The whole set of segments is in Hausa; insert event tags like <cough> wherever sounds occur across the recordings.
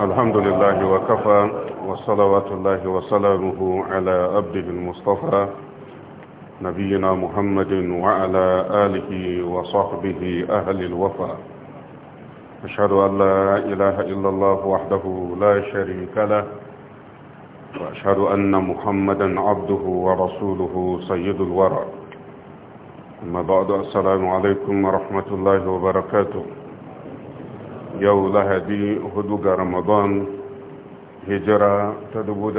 الحمد لله وكفى وصلوات الله وسلامه على عبده المصطفى نبينا محمد وعلى آله وصحبه أهل الوفا أشهد أن لا إله إلا الله وحده لا شريك له وأشهد أن محمدا عبده ورسوله سيد الورى أما بعد السلام عليكم ورحمة الله وبركاته yau lahadi hudu ga ramadan hijira ta hudu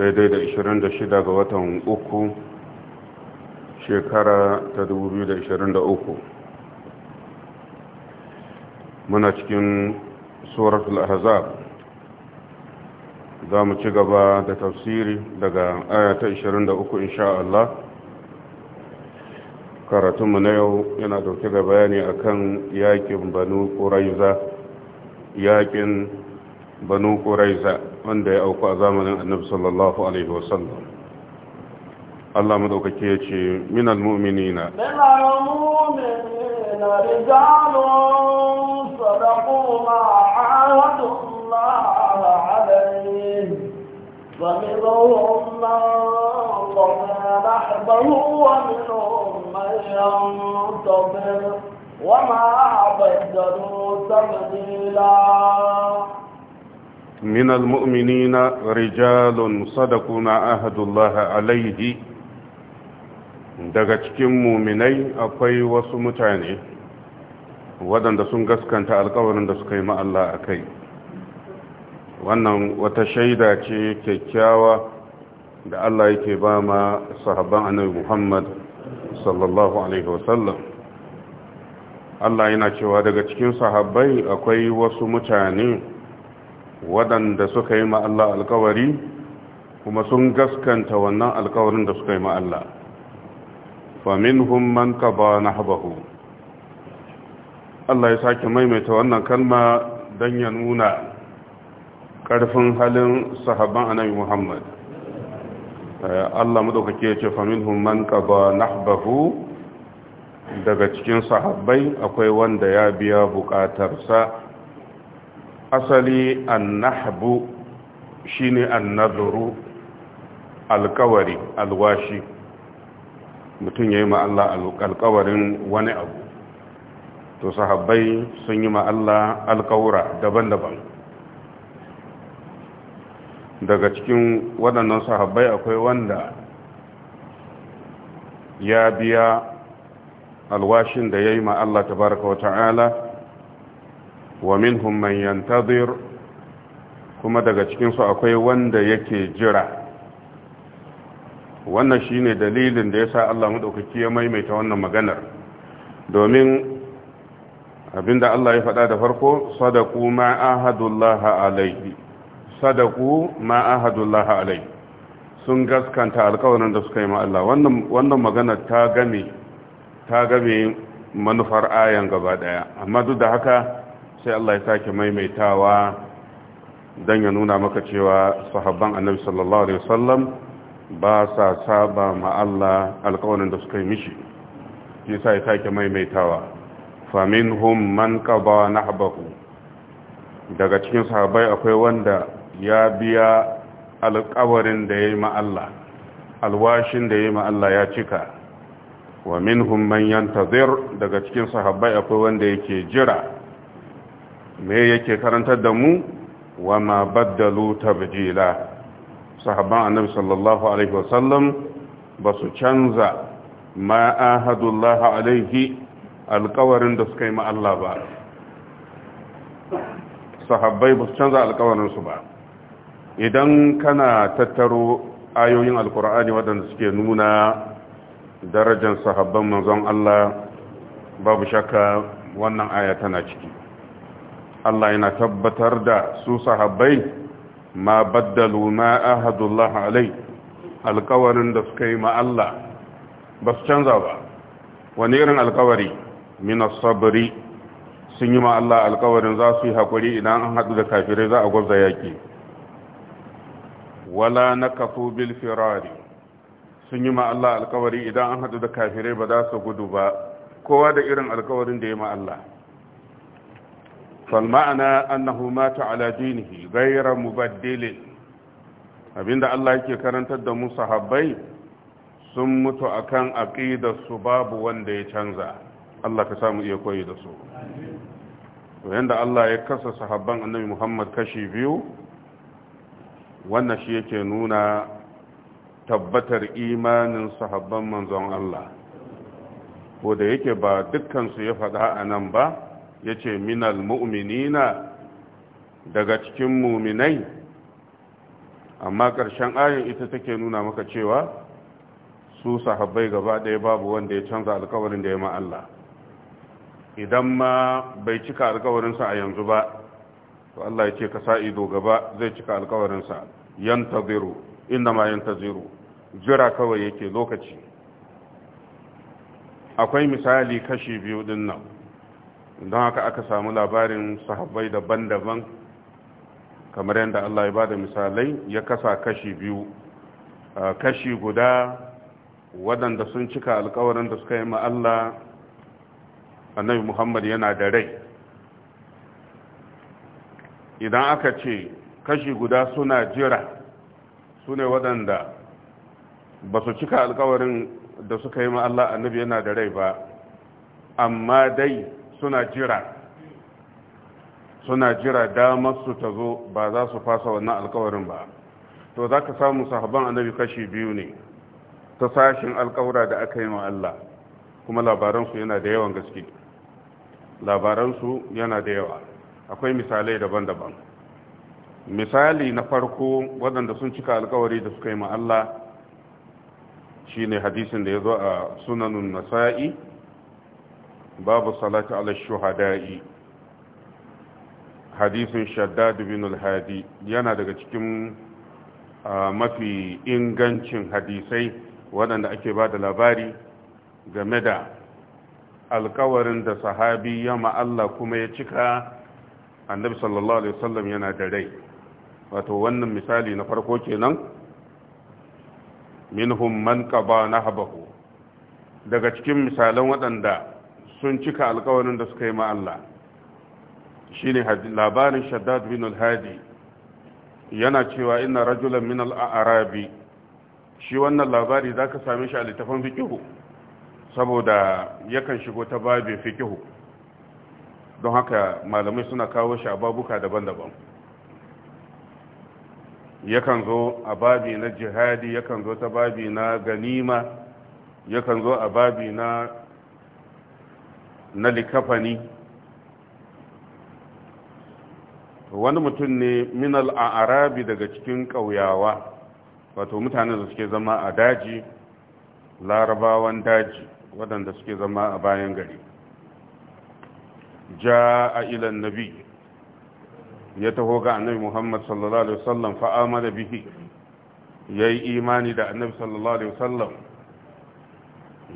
daidai da 26 ga watan uku shekara ta 2023 muna cikin suratul ahzab za mu ci gaba da tafsiri daga ayata 23 insha Allah karatunmu na yau yana dauke da bayani akan yakin banu ƙuraiza yakin banu ƙuraiza wanda ya auku a zamanin annabi sallallahu alaihi wasallam Allah madaukake ya ce min mu'minina minal mu'minina rijalun sadaqu ma ahadullah فمنهم من طغى نحبه ومنهم من ينتظر وما بدلوا تبديلا من المؤمنين رجال صدقوا ما أهد الله عليه daga cikin muminai akwai wasu mutane waɗanda sun gaskanta alkawarin da suka yi ma Allah a kai wannan wata shaida ce kyakkyawa da Allah yake ba ma sahabban annabi Muhammad sallallahu alaihi wasallam Allah yana cewa daga cikin sahabbai akwai wasu mutane waɗanda suka yi ma Allah alkawari kuma sun gaskanta wannan alkawarin da suka yi ma Allah faminhum man kaba nahbahu Allah ya sake maimaita wannan kalma dan ya nuna ƙarfin halin sahabban annabi muhammad eh, Allah madaukake ya ce faminhum man qada nahbahu daga cikin sahabbai akwai wanda ya biya bukatarsa asali annahbu shine annadhuru alkawari alwashi mutum yayi ma Allah alkawarin wani abu to sahabbai sun yi ma Allah alkawura daban-daban daga cikin waɗannan sahabbai akwai wanda ya biya alwashin da ya yi ma Allah tabaraka wa ta'ala wa minhum man yantazir kuma daga cikinsu akwai wanda yake jira wannan shine dalilin da ya sa Allah maɗaukaki ya maimaita wannan maganar domin abinda Allah ya faɗa da farko sadaku ma ahadullaha alaihi sadaku ma Ahadullah alai sun gaskanta alƙawarin da suka yi ma Allah wannan magana ta game ta game manufar ayan gaba daya amma duk da haka sai Allah ya sake maimaitawa dan ya nuna maka cewa sahabban annabi sallallahu alaihi wasallam ba sa saba ma Allah alƙawarin da suka yi mishi sai ya sake maimaitawa minhum man qada nahbahu daga cikin sahabbai akwai wanda ya biya alƙawarin da ya yi ma'alla alwashin da ya yi ma'alla ya cika wa minhum man yantazir daga cikin sahabbai akwai wanda yake jira me yake karantar da mu wa ma baddalu tabjila sahabban annabi sallallahu alaihi wasallam ba su canza ma ahadullah alaihi alƙawarin da suka yi ma'alla ba sahabbai ba su canza alƙawarinsu ba idan kana tattaro ayoyin alkur'ani waɗanda suke nuna darajar sahabban manzon Allah babu shakka wannan aya tana ciki Allah yana tabbatar da su sahabbai ma baddalu ma ahadullah alai alkawarin da suka yi ma Allah ba su canza ba wani irin alkawari min sabri sun yi ma Allah alkawarin za su yi hakuri idan an haɗu da kafirai za a gwabza yaki wala nakafu bil firari sun yi ma Allah alkawari idan an haɗu da kafirai ba za su gudu ba kowa da irin alkawarin da ya ma Allah فالمعنى أنه مات على abinda Allah yake karantar da mu sahabbai sun mutu akan aqidar su babu wanda ya canza Allah ka samu iya koyi da su to Allah ya kasa sahabban Annabi Muhammad kashi biyu wannan shi yake nuna tabbatar imanin sahabban manzon Allah ko da yake ba dukkansu ya faɗa a nan ba ya ce minal mu'minina daga cikin muminai amma ƙarshen ayin ita take nuna maka cewa su sahabbai gaba ɗaya babu wanda ya canza alkawarin da ya ma Allah idan ma bai cika alkawarinsa a yanzu ba to Allah ya ce ka sa ido gaba zai cika alkawarinsa yantaziru inda ma yantaziru jira kawai yake lokaci akwai misali kashi biyu din nan don haka aka samu labarin sahabbai daban-daban kamar yadda Allah ya bada misalai ya kasa kashi biyu kashi guda waɗanda sun cika alkawarin da suka yi ma Allah annabi Muhammad yana da rai idan aka ce kashi guda suna jira su ne waɗanda ba su cika alkawarin da suka yi ma Allah annabi yana da rai ba amma dai suna jira suna jira damar su ta zo ba za su fasa wannan alkawarin ba to za ka samu sahaban annabi kashi biyu ne ta sashin alkawura da aka yi ma Allah kuma labaransu yana da yawan gaske labaransu yana da yawa akwai misalai daban-daban misali na farko waɗanda sun cika alkawari da suka yi ma Allah ne hadisin da ya zo a sunanun nasa'i babu salati ala shuhada'i hadisin shaddad bin al-hadi yana daga cikin mafi ingancin hadisai waɗanda ake ba da labari game da alkawarin da sahabi ya Allah kuma ya cika annabi sallallahu alaihi wasallam yana da rai wato wannan misali na farko kenan minhum man qaba nahbahu daga cikin misalan waɗanda sun cika alƙawarin da suka yi ma Allah shine labarin Shaddad bin al-Hadi yana cewa inna rajulan min al-arabi shi wannan labari zaka same shi a littafin fiqh saboda yakan shigo ta babin fiqh don haka malamai suna kawo shi a babuka daban-daban yakan zo a babi na jihadi yakan zo ta babi na ganima yakan zo a babi na na likafani wani mutum ne minal a daga cikin ƙauyawa wato mutane da suke zama a daji larabawan daji waɗanda suke zama a bayan gari ja a ilan nabi ya taho ga annabi Muhammad sallallahu alaihi wasallam fa amana bihi yayi imani da annabi sallallahu alaihi wasallam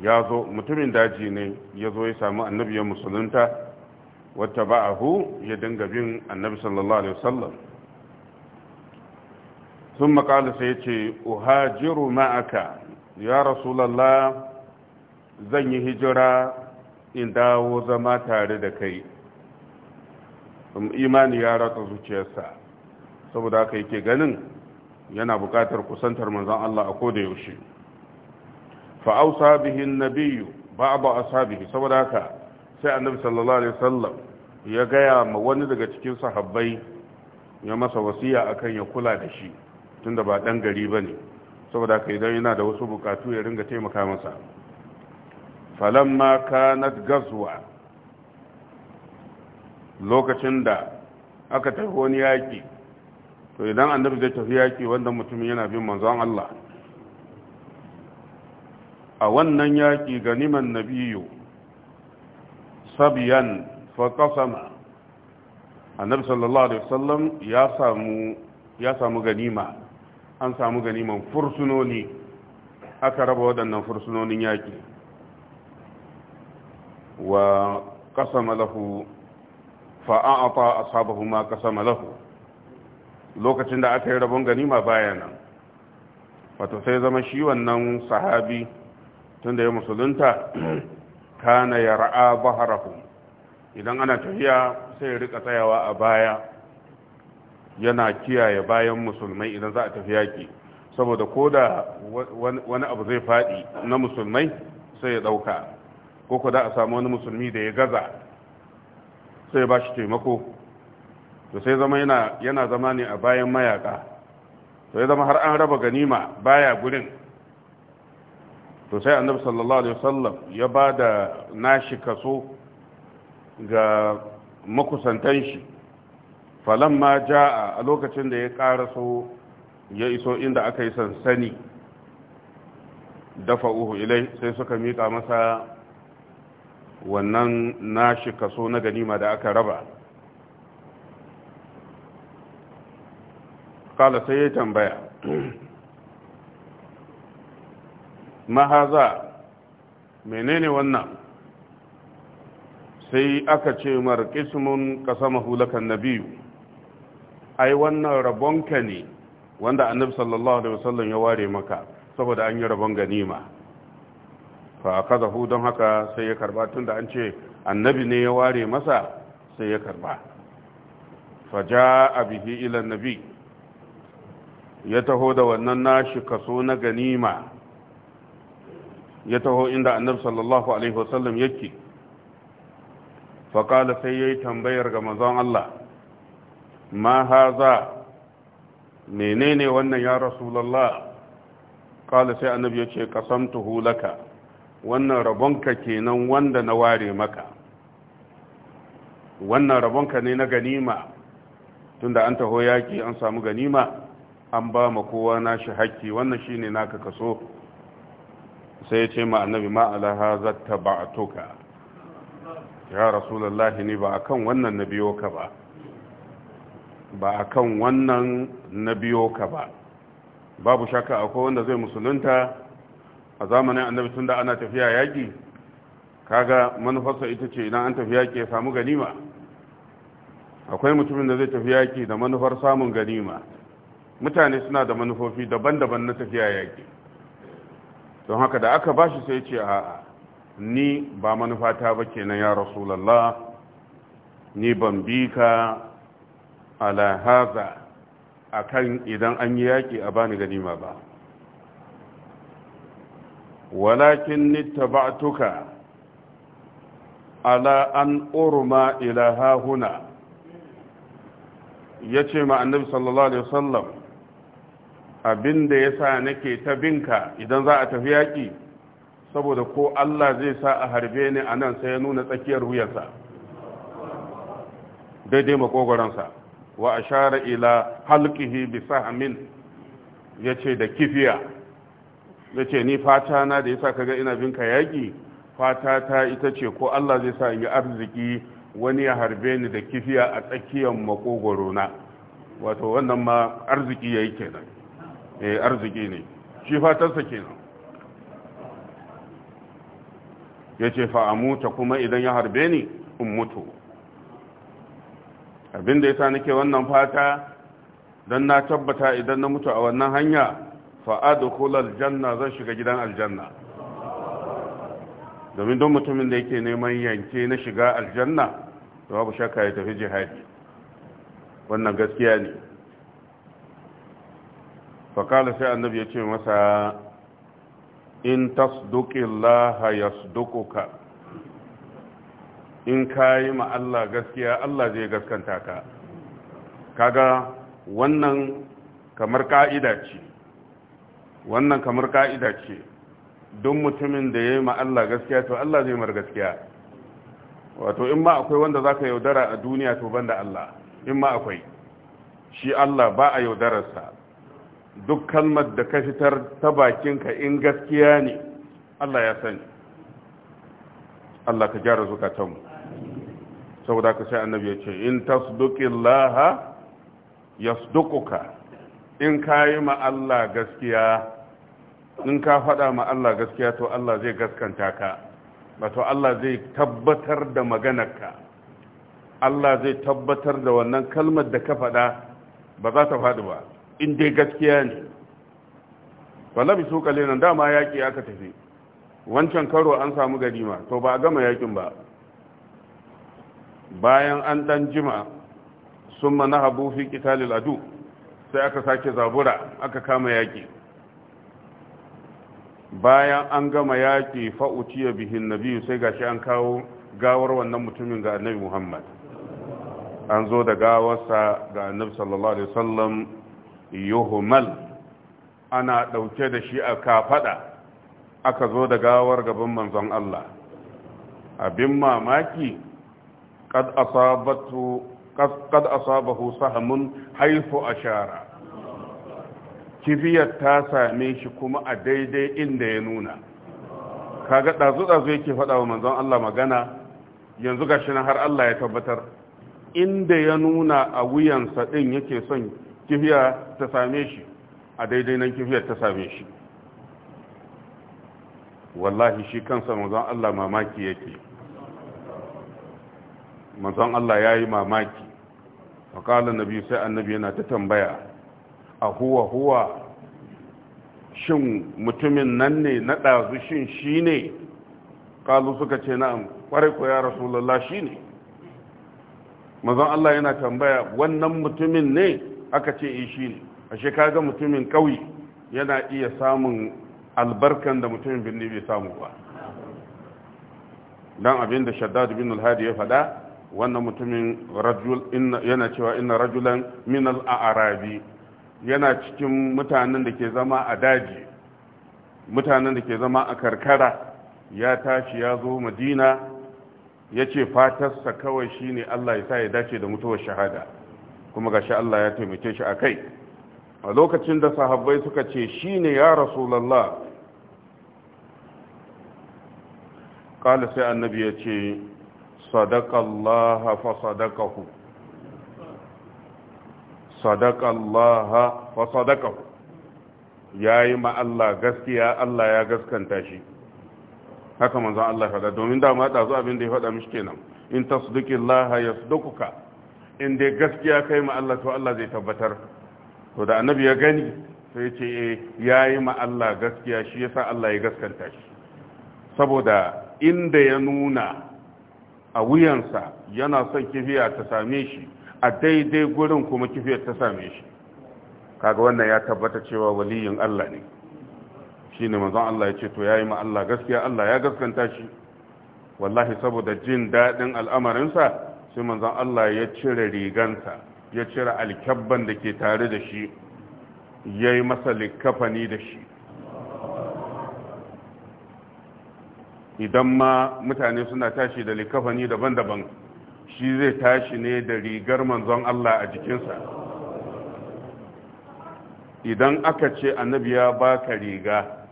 ya zo mutumin daji ne ya zo ya samu annabi ya musulunta wata ba'ahu ya dinga bin annabi sallallahu alaihi wasallam ثم قال سيتي أهاجر معك يا رسول الله zan yi hijira in dawo zama tare da kai imani ya ratsa zuciyarsa saboda haka yake ganin yana bukatar kusantar manzon Allah a koda yaushe fa ausa bihi ba nabiyyu ba'd ashabihi saboda haka sai annabi sallallahu alaihi wasallam ya gaya ma wani daga cikin sahabbai ya masa wasiya akan ya kula da shi tunda ba ɗan gari ba ne, saboda haka idan yana da wasu bukatu ya ringa taimaka masa falamma kanat gazwa lokacin da aka tafi wani yaƙi to idan annabi zai tafi yaƙi wanda mutumin yana bin manzon Allah a wannan yaƙi ganiman nabiyu sabiyan fa qasama annabi sallallahu alaihi wasallam ya samu ya samu ganima an samu ganiman fursunoni aka raba waɗannan fursunonin yaƙi wa ƙasa lahu fa'a'ata ashabahu ma sama lahu lokacin da aka yi rabon ganima bayanan wato sai zama shi wannan sahabi tun da ya musulunta <clears throat> kana ya ra'a baharahu idan ana tafiya sai ya rika tsayawa a baya yana kiyaye bayan musulmai idan za a tafiya yaki saboda ko da wani abu zai faɗi na musulmai sai ya ɗauka ko ku da a samu wani musulmi da ya gaza sai ba shi taimako to sai zama yana zama ne a bayan mayaka to ya zama har an raba ganima baya gurin to sai annabi sallallahu alaihi wasallam ya ba da nashi kaso ga makusantan shi falamma ja'a a lokacin da ya karaso ya iso inda aka yi sansani dafa uhu ilai sai suka miƙa masa wannan nashi kaso na ganima da aka raba kala sai ya tambaya <clears throat> mahaza menene wannan sai aka ce mar ismun kasamahu lakan nabiyu ai wannan rabonka ne wanda annabi sallallahu alaihi wasallam ya ware maka saboda an yi rabon ganima fa zahu don haka sai ya karba tunda an ce annabi ne ya ware masa sai ya karba fa jaa bihi ila annabi ya taho da wannan nashi kaso na ganima ya taho inda annabi sallallahu alaihi wasallam yake fa kala sai yayi tambayar ga manzon Allah ma haza menene wannan ya rasulullah kala sai annabi ya ce qasamtuhu wannan rabonka kenan wanda na ware maka wannan rabonka ne na ganima tunda an taho yaki an samu ganima an ba ma kowa nashi haƙƙi wannan shine naka kaso sai ya ce ma annabi ma alaha zatta ba'atuka ya rasulullahi ne ba akan wannan na biyo ka ba ba akan wannan na biyo ka ba babu shaka akwai wanda zai musulunta a zamanin annabi tun da ana tafiya yaƙi kaga manufarsa ita ce idan an tafi yaƙi ya samu ganima akwai mutumin da zai tafi yaƙi da manufar samun ganima mutane suna da manufofi daban-daban na tafiya yaƙi don haka da aka bashi sai ce a ni ba manufata ba kenan ya rasulallah ni ban bi ka ala haza akan idan an yi yaƙi a bani ganima ba walakin nittaba'tuka ala an أرمى ila هنا yace ma annabi sallallahu alaihi wasallam abinda yasa nake ta binka idan za a tafi yaki saboda ko Allah zai sa a harbe ni anan sai ya nuna tsakiyar wuyansa daidai sa wa ashara ila halqihi bi sahmin yace da kifiya da ce ni fata na da yasa kaga ina bin ka yaƙi fata ta ita ce ko Allah zai sa in yi arziki wani ya harbe ni da kifiya a tsakiyar makogoro na wato wannan ma arziki yayi kenan eh arziki ne shi fatarsa kenan ya ce ta kuma idan ya harbe ni in mutu abinda ya sa nake wannan fata don na tabbata idan na mutu a wannan hanya fa'adukul aljanna zan shiga gidan aljanna domin don mutumin da yake neman yanke na shiga aljanna to babu shakka ya tafi jihadi wannan gaskiya ne fakala sai annabi ya ce masa in tasduqillaha yasduquka in kayi ma Allah gaskiya Allah zai gaskanta ka kaga wannan kamar ka'ida ce wannan kamar ka'ida ce don mutumin da ya yi ma Allah gaskiya to Allah zai mar gaskiya wato in ma akwai wanda za ka yaudara a duniya to ban da Allah in ma akwai shi Allah ba a yaudararsa duk kalmar da ka fitar ta bakinka in gaskiya ne Allah ya sani Allah ka gyara zukatanmu saboda ka sai annabi ya ce in tasduqillaha yasduquka in kayi ma Allah gaskiya in ka faɗa ma Allah gaskiya to Allah zai gaskanta ka wato Allah zai tabbatar da maganarka Allah zai tabbatar da wannan kalmar da ka faɗa ba za ta faɗi ba in dai gaskiya ne wallabi su kalilan dama yaƙi aka tafi wancan karo an samu ganima to ba a gama yaƙin ba bayan an ɗan jima sun mana habu fi ƙitalil adu sai aka sake zabura aka kama yaƙi bayan an gama yaƙi fa'uciya bihin nabiyu sai gashi an kawo gawar wannan mutumin ga annabi muhammad an zo da gawarsa ga annabi sallallahu alaihi wasallam yuhmal ana ɗauke da shi a kafaɗa aka zo da gawar gaban manzon Allah abin mamaki kad asabatu kad asabahu sahamun haifu ashara kifiyar ta same shi kuma a daidai inda ya nuna kaga ɗazu-ɗazu yake faɗa wa manzon Allah magana yanzu shi na har Allah ya tabbatar inda ya nuna a wuyansa ɗin yake son kifiya ta same shi a daidai nan kifiyar ta same shi wallahi shi kansa manzon Allah mamaki yake manzon Allah ya yi mamaki faƙalar nabi sai annabi yana ta tambaya a huwa huwa shin mutumin nan ne na ɗazu shi ne ƙalu suka ce na ƙwarai ko ya rasulullah shi ne mazan Allah yana tambaya wannan mutumin ne aka ce e shi ne a shekaga mutumin ƙauye yana iya samun albarkan da mutumin birni bai samu ba don abin da shaddad bin alhadi hadi ya faɗa wannan mutumin yana cewa ina rajulan min al-arabi yana cikin mutanen da ke zama a daji mutanen da ke zama a karkara ya tashi ya zo madina ya ce fatarsa kawai shi ne allah ya sa ya dace da mutuwar shahada kuma ga shi allah ya taimake shi a kai a lokacin da sahabbai suka ce shi ne ya rasulallah ƙala sai annabi ya ce sadakallaha fa sadakahu sadakallaha fa ya yi ma Allah gaskiya Allah ya gaskanta shi haka manzon Allah faɗa domin da ma dazu abin da ya faɗa mishi kenan in tasdiqillaha yasduquka in dai gaskiya kai ma Allah to Allah zai tabbatar to da annabi ya gani sai ce ya eh, yayi ma Allah gaskiya shi yasa Allah ya gaskanta shi saboda inda ya nuna a wuyansa yana son kifiya ta same shi a daidai gurin kuma kifiyar ta same shi kaga wannan ya tabbata cewa waliyin Allah ne shi ne manzon Allah ya ce to yayi ma Allah gaskiya Allah ya gaskanta shi wallahi saboda jin dadin al'amarinsa sai manzon Allah ya cire rigansa ya cire alkyabban da ke tare da shi yayi masa likafani da shi idan ma mutane suna tashi da likafani daban-daban shi zai tashi ne da rigar manzon Allah a jikinsa idan aka ce annabi ya baka riga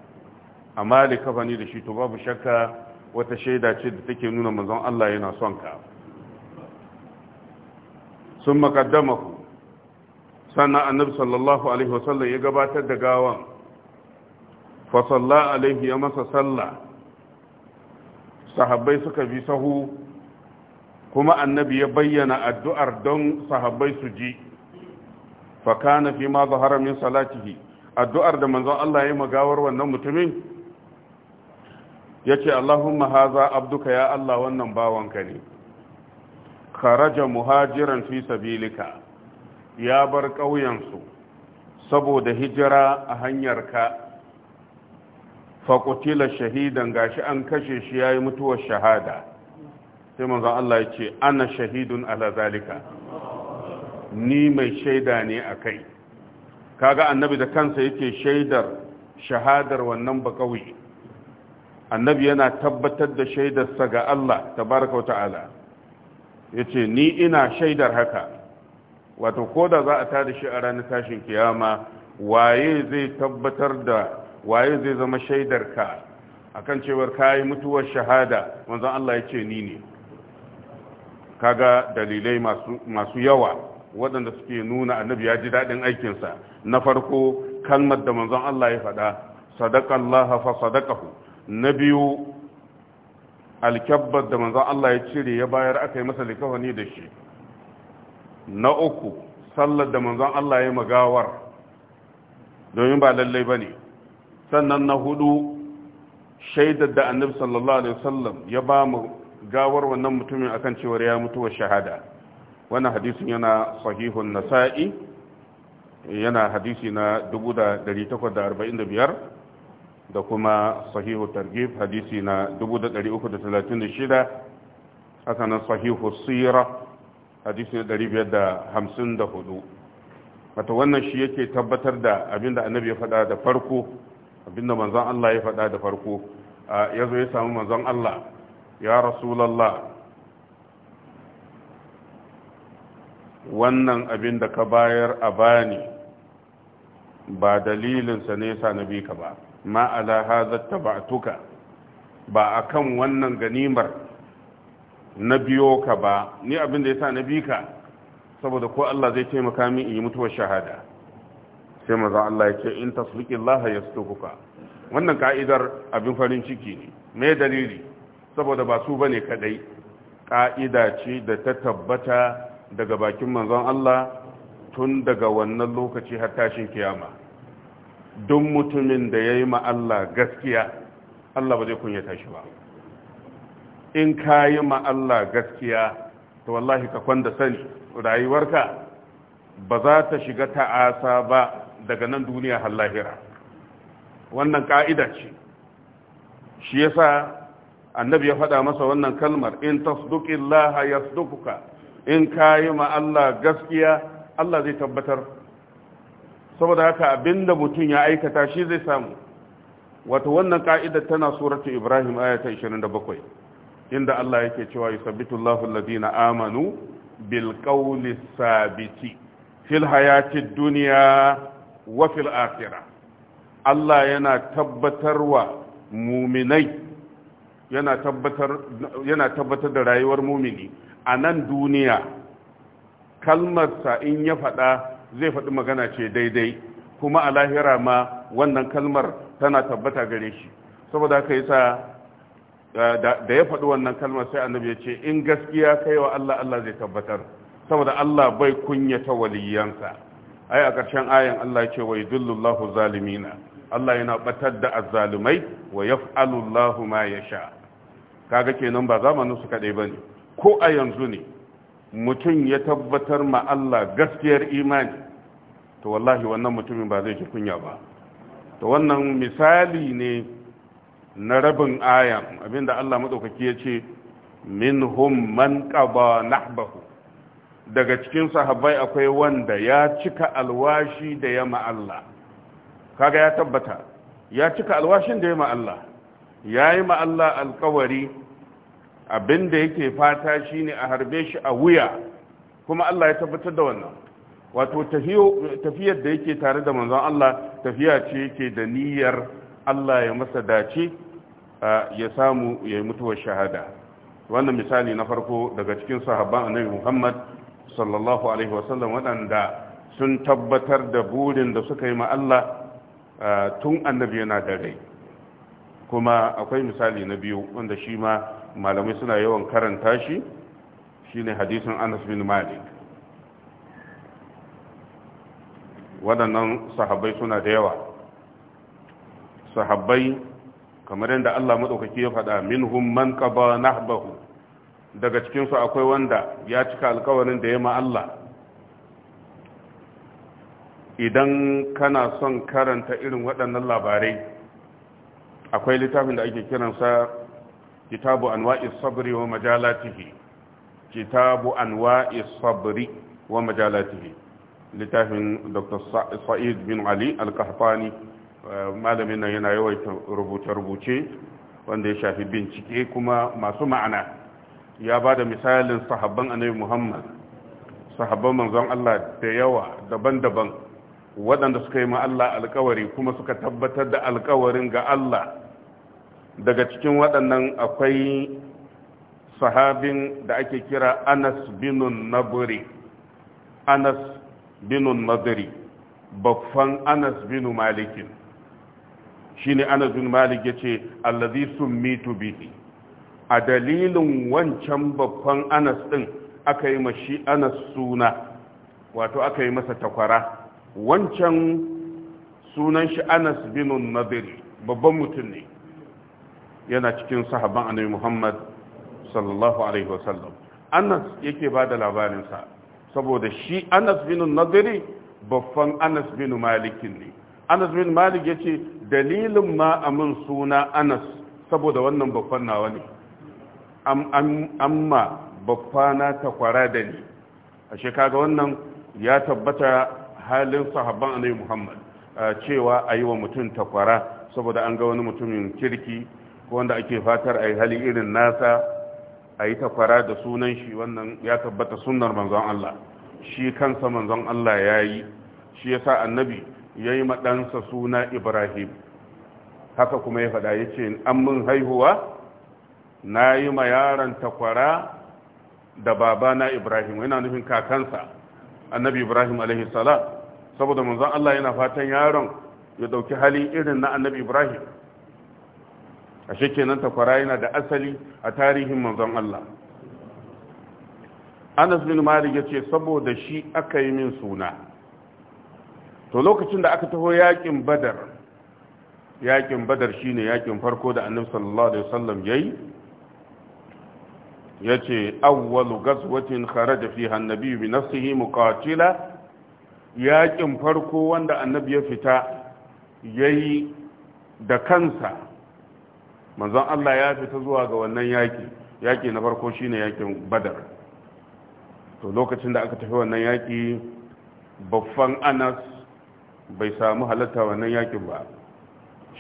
a malika fani da shi to babu shakka wata shaida ce da take nuna manzon Allah yana son ka sun makaddamahu sannan annabi sallallahu alaihi wasallam ya gabatar da gawan sallallahu alaihi ya masa sallah sahabbai suka bi sahu kuma annabi ya bayyana addu'ar don sahabbai su ji fa kana fi ma zahara min salatihi addu'ar da manzon Allah ma gawar wannan mutumin yace Allahumma haza abduka ya Allah wannan bawanka ne kharaja muhajiran fi sabilika ya bar ƙauyensu saboda hijira a hanyar ka. faƙutila shahidan gashi an kashe shi ya yi mutuwar shahada sai manzan Allah yace ce ana shahidun ala zalika ni mai shaida ne a kai kaga annabi da kansa yake shaidar shahadar wannan bakawi annabi yana tabbatar da shaidarsa ga Allah tabaraka wa ta'ala yace ni ina shaidar haka wato ko da za a tada shi a ranar tashin kiyama waye zai tabbatar da waye zai zama shaidar ka akan cewar kayi mutuwar shahada manzon Allah yace ni ne kaga dalilai masu masu yawa waɗanda suke nuna annabi ya ji daɗin aikinsa na farko kalmar da manzon Allah ya faɗa sadaqallaha fa sadaqahu na biyu alkabbar da manzon Allah ya cire ya bayar aka yi masa likawani da shi na uku sallar da manzon Allah ya magawar domin ba lallai bane sannan na hudu shaidar da annabi sallallahu alaihi wasallam ya ba mu gawar wannan mutumin akan cewar ya mutu wa shahada wannan hadisin yana sahihun nasa'i yana hadisi na 1845 da kuma sahihu targif hadisi na 1336 haka nan sahihu sira hadisi na 554 wata wannan shi yake tabbatar da abinda annabi ya faɗa da farko abinda manzan Allah ya faɗa da farko ya zo ya samu manzan Allah ya rasu rasulallah wannan abin da ka bayar a bani ba dalilinsa ne sa na bi ka ba ma ala ba tuka ba akan wannan ganimar na biyo ka ba ni abin da ya sa na bi ka saboda ko Allah zai taimaka min in yi mutuwar shahada sai maza Allah ya ce in ya kuka. wannan ka'idar abin farin ciki ne me dalili saboda ba su bane kadai ka'ida ce da ta tabbata daga bakin manzon Allah tun daga wannan lokaci har tashin kiyama duk mutumin da ya yi Allah gaskiya Allah ba zai kunyata shi ba in ka yi Allah gaskiya to wallahi ka kwanda sani rayuwarka ba za ta shiga ta'asa ba daga nan duniya har lahira wannan ka'ida ce shi yasa annabi ya faɗa masa wannan kalmar in tasduqillaha yasduquka in ka yi ma Allah gaskiya Allah zai tabbatar saboda haka abinda mutum ya aikata shi zai samu wato wannan ka'ida tana surata Ibrahim ayata 27 inda Allah yake cewa yusabbitu Allahu alladhina amanu bil qawli sabiti fil hayatid dunya wa fil akhirah Allah yana tabbatarwa muminai yana tabbatar da rayuwar mumini a nan duniya kalmarsa in ya faɗa zai faɗi magana ce daidai kuma a lahira ma wannan kalmar tana tabbata gare shi saboda haka sa da ya faɗi wannan kalmar sai annabi ya ce in gaskiya kai wa Allah Allah zai tabbatar saboda Allah bai kunyata waliyansa ai a ƙarshen ayan Allah ce wa yudillullahu zalimina Allah yana batar da azzalumai wa yaf'alullahu ma sha kaga kenan ba zamanin su kadai bane ko a yanzu ne mutum ya tabbatar ma Allah gaskiyar imani to wallahi wannan mutumin ba zai ji kunya ba to wannan misali ne na rabin ayan abinda Allah madaukaki ya ce minhum man qaba nahbahu daga cikin sahabbai akwai wanda ya cika alwashi da ya ma Allah kaga ya tabbata ya cika alwashin da ya ma Allah ya yi Allah alkawari Abin da yake fata shine a harbe shi a wuya kuma Allah ya tabbatar da wannan wato tafiyar da yake tare da manzon Allah tafiya ce yake da niyyar Allah ya masa dace ya samu ya yi mutuwar shahada wannan misali na farko daga cikin sahabban annabi Muhammad sallallahu alaihi wasallam waɗanda sun tabbatar da burin da suka yi ma Allah tun annabi yana da rai kuma akwai misali na biyu wanda shi ma malamai suna yawan karanta shi shine hadisin Anas bin Malik waɗannan sahabbai suna da yawa sahabbai kamar yadda Allah maɗaukaki ya faɗa minhum man qaba nahbahu daga cikinsu akwai wanda ya cika alkawarin da ya ma Allah idan kana son karanta irin waɗannan labarai akwai littafin da ake kiransa kitabu anwa'i sabri wa majalatihi kitabu anwa'i sabri wa majalatihi littafin dr sa'id bin ali al-qahtani eh, malamin nan yana yawaita rubuce-rubuce wanda ya shafi bincike kuma masu ma'ana ya ba da misalin sahabban annabi muhammad sahabban manzon allah da yawa daban-daban waɗanda suka yi ma allah alkawari kuma suka tabbatar da alkawarin ga allah daga cikin waɗannan akwai sahabin da ake kira anas binun naburi anas binun nadiri bakfan anas binu malikin ne anas bin malik ya ce allazi summitu bihi a dalilin wancan bakfan anas din aka yi mashi anas suna wato aka yi masa takwara wancan sunan shi anas binun nadiri babban mutum ne yana cikin sahaban annabi Muhammad sallallahu alaihi wasallam Anas yake ba da labarinsa saboda shi Anas bin Nadiri baffan Anas bin Malik ne Anas bin Malik yace dalilin ma amin suna Anas saboda wannan baffan nawa ne amma baffana ta kwara da ni ashe kaga wannan ya tabbata halin sahabban annabi Muhammad eh, cewa ayi wa mutum takwara saboda an ga wani mutumin kirki wanda ake fatar a yi hali irin nasa a yi takwara da sunan shi wannan ya tabbata sunar manzon Allah shi kansa manzon Allah ya yi shi ya sa annabi ya yi maɗansa suna ibrahim haka kuma ya faɗa ya ce an min haihuwa na yi ma yaron takwara da babana ibrahim yana nufin kakansa annabi ibrahim alaihi salam saboda manzon Allah yana fatan yaron ya ɗauki hali irin na annabi ibrahim ashe kenan takwara yana da asali a tarihin manzon Allah Anas bin Malik yace saboda shi aka yi min suna to lokacin da aka taho yakin Badar yakin Badar shine yakin farko da Annabi sallallahu alaihi wasallam yayi yace awwalu gaswatin kharaja fiha an bi nafsihi muqatila yakin farko wanda annabi ya fita yayi da kansa manzon Allah ya fita zuwa ga wannan yaki yaki na farko shine yakin badar to lokacin da aka tafi wannan yaki baffan anas bai samu halatta wannan yakin ba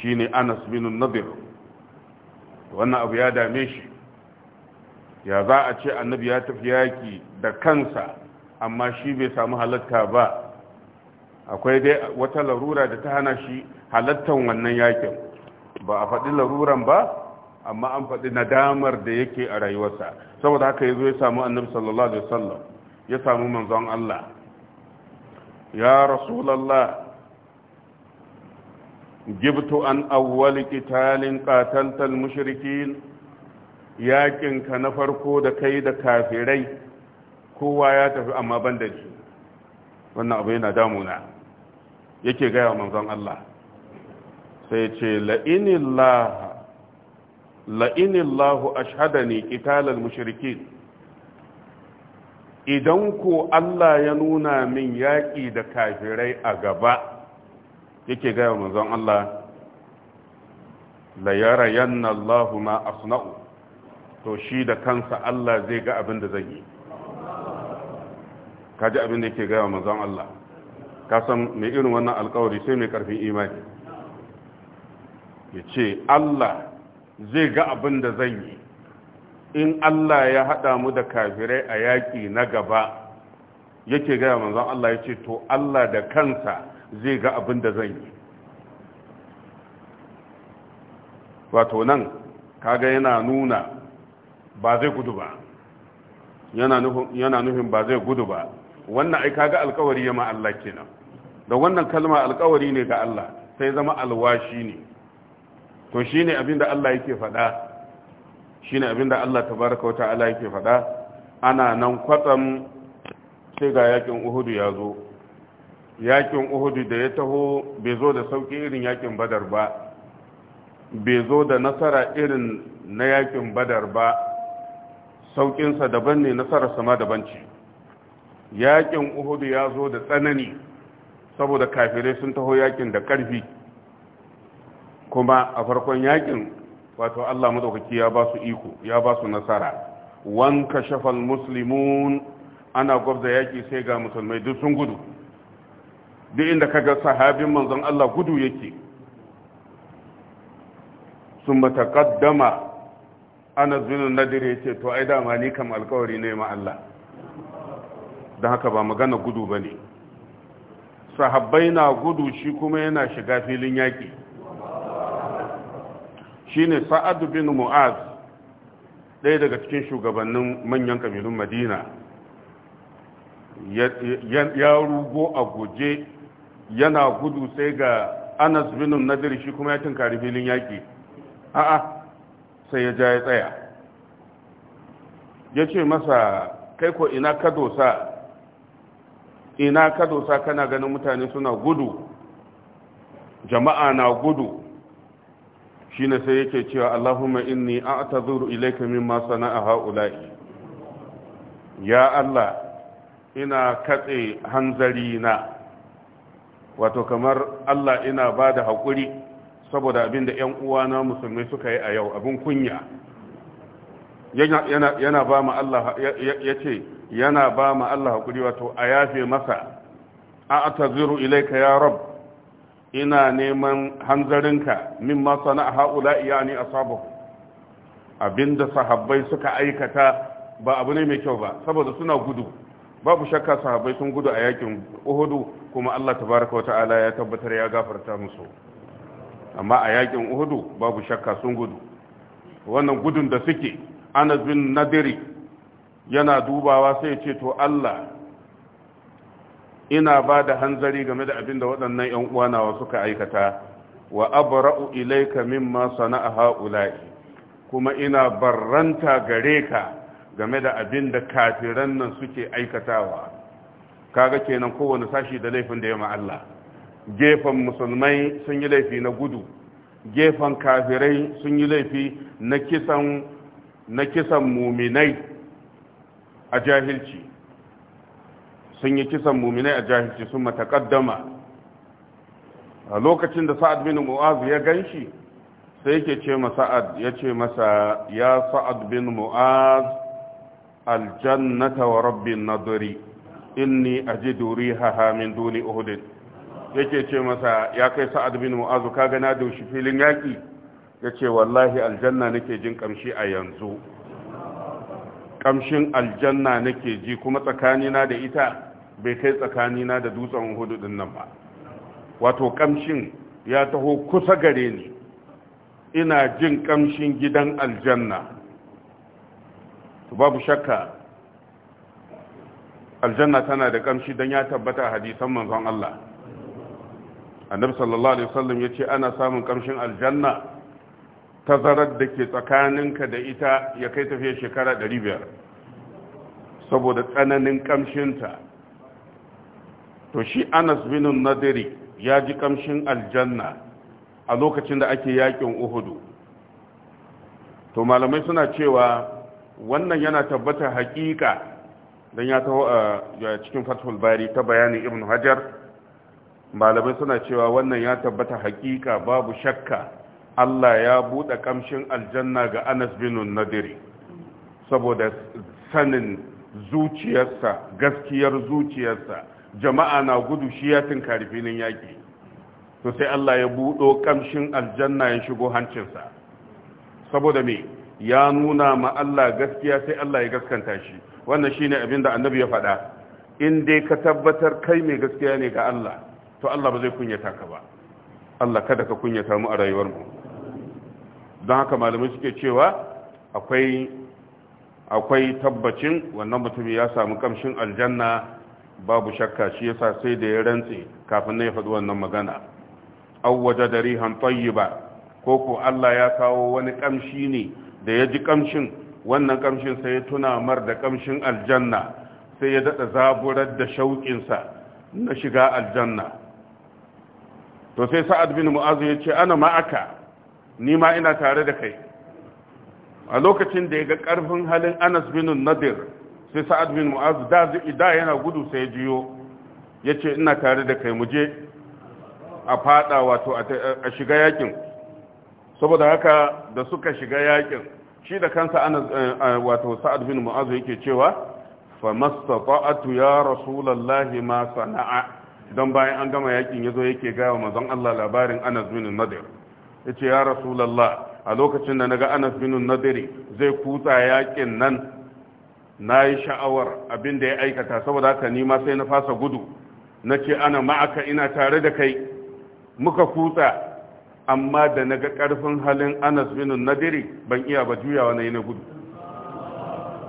shine anas bin nadir wannan abu ya dame shi ya za a ce annabi ya tafi yaƙi da kansa amma shi bai samu halatta ba akwai dai wata larura da ta hana shi halattan wannan yakin ba a faɗi laruran ba amma an faɗi nadamar da yake a rayuwarsa saboda haka ya zo ya samu annabi sallallahu alaihi wasallam ya samu manzon Allah ya rasulallah gibtu an awwal qitalin qataltal mushrikin yakin ka na farko da kai da kafirai kowa ya tafi amma ban da shi wannan abu yana damuna yake gaya manzon Allah sai ce la'inillahu ashadani qitalal mushrikin idan ko Allah ya nuna min yaƙi da kafirai a gaba yake gaya manzon Allah la yara yanna Allahu ma asna'u to shi da kansa Allah zai ga abin da zai yi kaji abin da yake gaya manzon Allah ka san mai irin wannan alƙawari sai mai karfin imani ya ce Allah zai ga abin da zan yi in Allah ya haɗa mu da kafirai a yaƙi na gaba yake gaya manzon Allah ya ce to Allah da kansa zai ga abin da zan yi wato nan kaga yana nuna ba zai gudu ba yana nufin ba zai gudu ba wannan ai kaga alkawari ya ma Allah kenan da wannan kalma alkawari ne ga Allah sai zama alwashi ne to shine abinda Allah yake faɗa shine abinda Allah tabaraka wa ta'ala yake faɗa ana nan kwatsam sai ga yakin Uhudu ya zo yakin Uhudu da ya taho bai zo da sauki irin yakin Badar ba bai zo da nasara irin na yakin Badar ba Sauƙinsa daban ne nasararsa ma daban ce yakin Uhudu ya zo da tsanani saboda kafirai sun taho yakin da ƙarfi kuma a farkon yakin wato Allah madaukaki ya ba su iko ya ba su nasara wanka shafal muslimun ana gwabza yaki sai ga musulmai duk sun gudu duk inda kaga sahabin manzon Allah gudu yake sun matakaddama ana zunin nadir ya to ai dama ni kam alkawari ne ma Allah don haka ba magana gudu ba ne sahabbai na gudu shi kuma yana shiga filin yaƙi shine sa'adu bin mu'az ɗaya daga cikin shugabannin manyan kabilun madina ya rugo a guje yana gudu sai ga anas bin nadir shi kuma ya tinkari filin yaƙi a'a sai ya ja ya tsaya ya ce masa kai ko ina ka dosa ina ka dosa kana ganin mutane suna gudu jama'a na gudu shine sai yake cewa Allahumma inni a'tazuru ilayka mimma sana'a haula'i ya Allah ina katse hanzari na wato kamar Allah ina bada hakuri saboda abinda da ƴan uwana musulmai suka yi a yau abin kunya yana yana ba mu Allah yace yana ba mu Allah hakuri wato a yafe masa a'tazuru ilayka ya rabb ina neman hanzarinka mimma sana haula yani asabu abinda sahabbai suka aikata ba abu ne mai kyau ba saboda suna gudu babu shakka sahabbai sun gudu a yakin uhudu kuma Allah tabaraka wa ta'ala ya tabbatar ya gafarta musu amma a yakin uhudu babu shakka sun gudu wannan gudun da suke anas bin nadiri yana dubawa sai ce to Allah ina ba da hanzari game da abin da waɗannan 'yan uwanawa suka aikata wa abara’u ilaika mimma sana'a ha'ula'i kuma ina barranta gare ka game da abin da kafiran nan suke aikatawa kaga kenan kowane sashi da laifin da ya Allah gefen musulmai sun yi laifi na gudu gefen kafirai sun yi laifi na kisan muminai a jahilci sun yi kisan muminai a jahilci sun mataƙaddama. a lokacin da sa'ad bin mu'az ya ganshi sai yake ce ma sa'ad ya ce masa ya sa'ad bin mu'az aljannata wa rabbin nadari inni ajidu rihaha min duni uhudin yake ce masa ya kai sa'ad bin mu'azu ka gana da shi filin yaƙi ya ce wallahi aljanna nake jin kamshi a yanzu ƙamshin aljanna nake ji kuma tsakanina da ita bai kai tsakanina da dutsen hudu din nan ba wato kamshin ya taho kusa gare ni ina jin kamshin gidan aljanna babu shakka aljanna tana da kamshi don ya tabbata hadisan manzon Allah annabi sallallahu alaihi wasallam yace ana samun kamshin aljanna tazarar da ke tsakaninka da ita ya kai tafiye shekara 500 saboda tsananin kamshinta to shi anas bin nadiri ya ji kamshin aljanna a lokacin da ake yakin uhudu to malamai suna cewa wannan yana tabbata hakika don ya taho a cikin fathul bari ta bayanin ibn hajar malamai suna cewa wannan ya tabbata hakika babu shakka allah ya buɗe kamshin aljanna ga anas bin nadiri saboda sanin zuciyarsa gaskiyar zuciyarsa jama'a na gudu shi ya tunkari filin yaƙi to sai Allah ya buɗo ƙamshin aljanna ya shigo hancinsa saboda me ya nuna ma Allah gaskiya sai Allah ya gaskanta shi wannan shine ne abinda annabi ya faɗa in dai ka tabbatar kai mai gaskiya ne ga Allah to Allah ba zai kunyata ka ba Allah kada ka kunyata mu a rayuwar mu don haka malamai suke cewa akwai akwai tabbacin wannan mutum ya samu kamshin aljanna babu shakka shi yasa sai da ya rantse kafin na ya faɗi wannan magana aw da rihan tayyiba ko ko Allah ya kawo wani kamshi ne da ya ji kamshin wannan kamshin sai ya tuna mar da kamshin aljanna sai ya dada zaburar da sa na shiga aljanna to sai sa'ad bin mu'azu ya ce ana ma'aka ni ma ina tare da kai a lokacin da ya ga ƙarfin halin anas bin nadir sai sa'ad bin mu'az da da yana gudu sai jiyo yace ina tare da kai muje a fada wato a shiga yakin saboda haka da suka shiga yakin shi da kansa ana eh, eh, wato sa'ad bin mu'az yake cewa fa mastata'atu ya rasulullahi ma sana'a dan bayan an gama yakin yazo yake ga manzon Allah labarin Anas bin Nadir yace ya rasulullah a lokacin da naga Anas bin Nadir zai kutsa yakin nan na yi sha'awar abin da ya aikata saboda haka ni ma sai na fasa gudu na ce ana ma'aka ina tare da kai muka kutsa amma da na ga ƙarfin halin anas bin nadiri ban iya ba juyawa na yi na gudu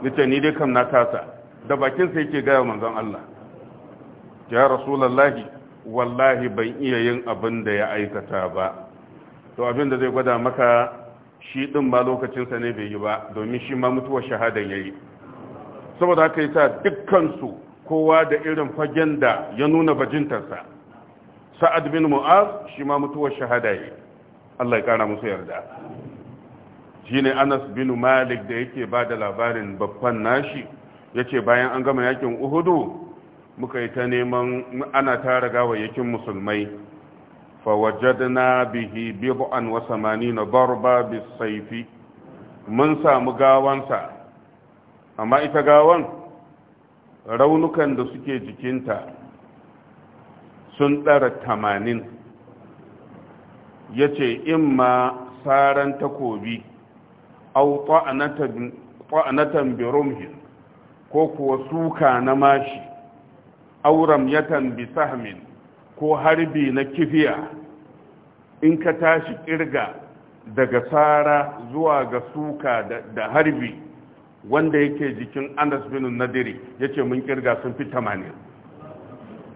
nace ni dai kam na kasa da bakin sai yake gaya manzon Allah ya rasulullahi wallahi ban iya yin abin da ya aikata ba to abin da zai gwada maka shi din lokacin lokacinsa ne bai yi ba domin shi ma mutuwar shahadan yayi saboda haka yasa dukkansu kowa da irin fagen da ya nuna bajintarsa sa'ad bin mu'az shi ma mutuwar shahada yi Allah ya kara musu yarda shine Anas bin Malik da yake ba da labarin babban nashi yace bayan an gama yakin Uhudu muka yi ta neman ana tara gawayyakin musulmai fa wajadna bihi bi'an wa 80 darba bis-sayfi mun samu gawansa amma ita gawan raunukan da suke jikinta sun tsara tamanin ya ce in ma saran takobi au ta'anatan birumhin ko kuwa suka na mashi auram yatan bisahmin ko harbi na kifiya in ka tashi kirga daga tsara zuwa ga suka da harbi wanda yake jikin anas bin nadiri ya ce mun kirga sun fi tamanin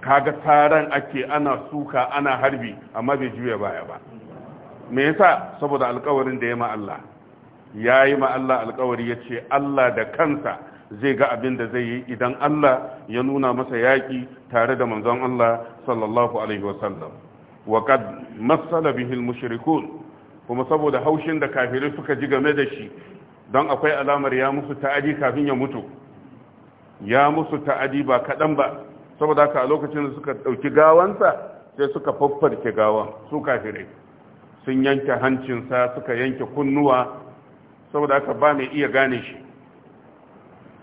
kaga taron ake ana suka ana harbi amma bai juya baya ba me yasa saboda alkawarin da ya ma Allah ya yi ma Allah alkawari ya ce Allah da kansa zai ga abin da zai yi idan Allah ya nuna masa yaƙi tare da manzon Allah sallallahu alaihi wasallam wa kad massala bihi al-mushrikun kuma saboda haushin da kafirai suka ji game da shi don akwai alamar ya musu ta'adi kafin ya mutu ya musu ta'adi ba kaɗan ba saboda haka a lokacin da suka ɗauki gawansa sai suka faffarke gawan su kafirai sun yanke hancinsa suka yanke kunnuwa saboda haka ba mai iya gane shi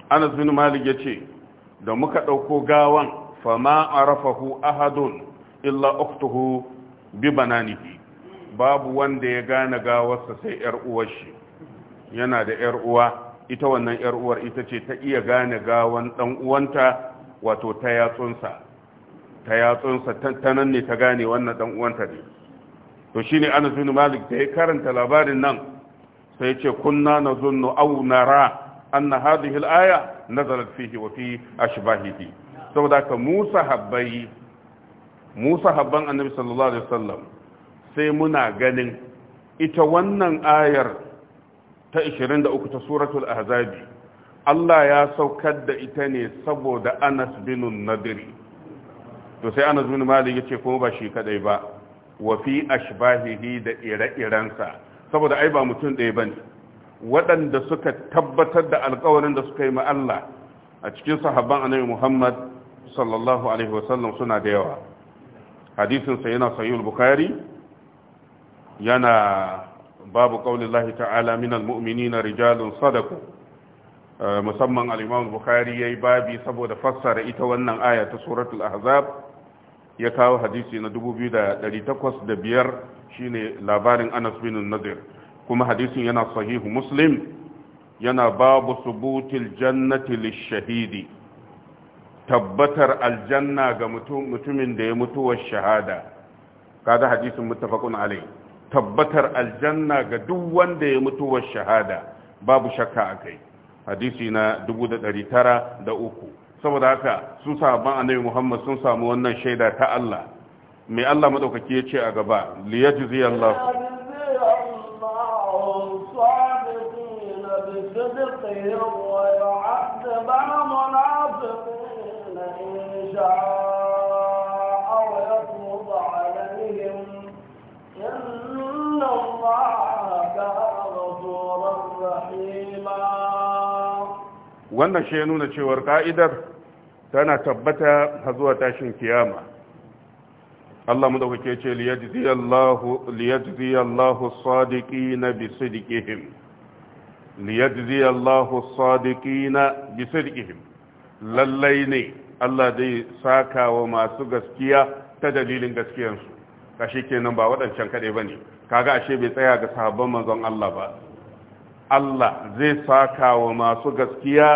anas bin malik ya ce da muka ɗauko gawan fama rafahu ahadun illa uktuhu bi bananihi babu wanda ya gane gawarsa sai yar uwar shi yana da ‘yar uwa ita wannan ‘yar uwar ita ce ta iya gane gawan ɗan uwanta wato ta yatsunsa ta yatsunsa ta nan ne ta gane wannan ɗan uwanta ne to shine ana zuni malik da ya karanta labarin nan sai ce kunna na zunnu au nara an na hadhihi al-aya nazalat fihi wa fi ashbahihi saboda ka musa habbai musa habban annabi sallallahu alaihi wasallam sai muna ganin ita wannan ayar ta 23 ta suratul ahzabi Allah ya saukar da ita ne saboda Anas bin Nadir to sai Anas bin Malik yace kuma ba shi kadai ba wa fi ashbahihi da ire-irensa saboda ai ba mutum ɗaya bane waɗanda suka tabbatar da alƙawarin da suka yi ma Allah a cikin sahabban Annabi Muhammad sallallahu alaihi wasallam suna da yawa hadisin sa yana sahih al-Bukhari yana babu qaulillahi ta'ala minal na rijalun sadaqu musamman al Bukhari ya yayi babi saboda fassara ita wannan aya ta suratul ahzab ya kawo hadisi na 2805 shine labarin Anas bin Nadir kuma hadisin yana sahihu Muslim yana babu subutil jannati lishahidi tabbatar aljanna ga mutumin da ya mutuwar shahada kada hadisin muttafaqun alayhi tabbatar aljanna ga duk wanda ya mutuwar shahada babu shakka a kai hadisi na 1903 saboda haka sun samu annabi muhammad sun samu wannan shaida ta Allah mai Allah maɗaukaki ya ce a gaba liyajzi Allah ويعذب wannan shi ya nuna cewar ka'idar tana tabbata har zuwa tashin kiyama Allah mu dauke ce liyajzi Allahu sadiqina bi sidqihim liyajzi Allahu sadiqina bi sidqihim lallai ne Allah zai saka wa masu gaskiya ta dalilin gaskiyarsu kashi kenan ba waɗancan kaɗai ba ne kaga ashe bai tsaya ga sahabban manzon Allah ba Allah zai saka wa masu gaskiya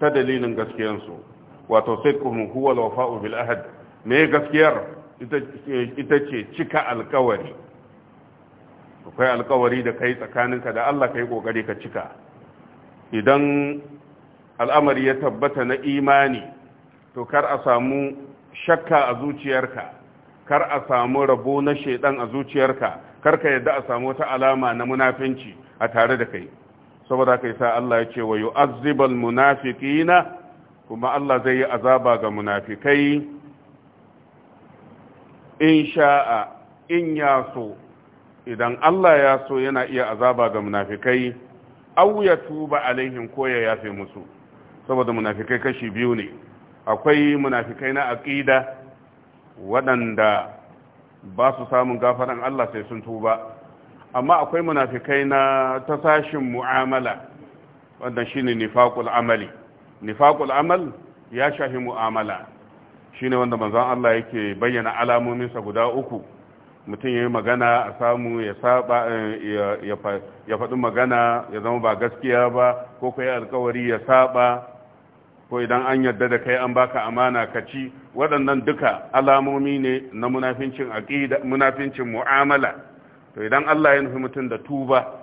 ta dalilin gaskiyansu wato kuma huwa al-wafa'u bil ahad me gaskiyar ita ce cika alkawari akwai alkawari da kai tsakaninka da Allah kai kokari ka cika idan al'amari ya tabbata na imani to kar a samu shakka a zuciyarka kar a samu rabo na shaidan a zuciyarka kar ka yadda a samu wata alama na munafinci a tare da kai saboda haka yasa Allah ya ce wa yu'azzibal munafiqina kuma Allah zai yi azaba ga munafikai in sha'a in ya so idan Allah ya so yana iya azaba ga munafikai aw ya tuba alaihim ko ya yafe musu saboda munafikai kashi biyu ne akwai munafikai na aƙida waɗanda ba su samun gafaran Allah sai sun tuba amma akwai munafikai na ta sashin mu'amala wannan shine nifaqul amali nifaqul amal ya shahi mu'amala shine wanda manzon Allah yake bayyana alamominsa guda uku mutum yayi magana a samu ya saba ya faɗi magana ya zama ba gaskiya ba ko kai alƙawari ya saba ko idan an yarda da kai an baka amana ka ci waɗannan duka alamomi ne na munafincin aqida munafincin mu'amala to idan Allah ya nufi mutum da tuba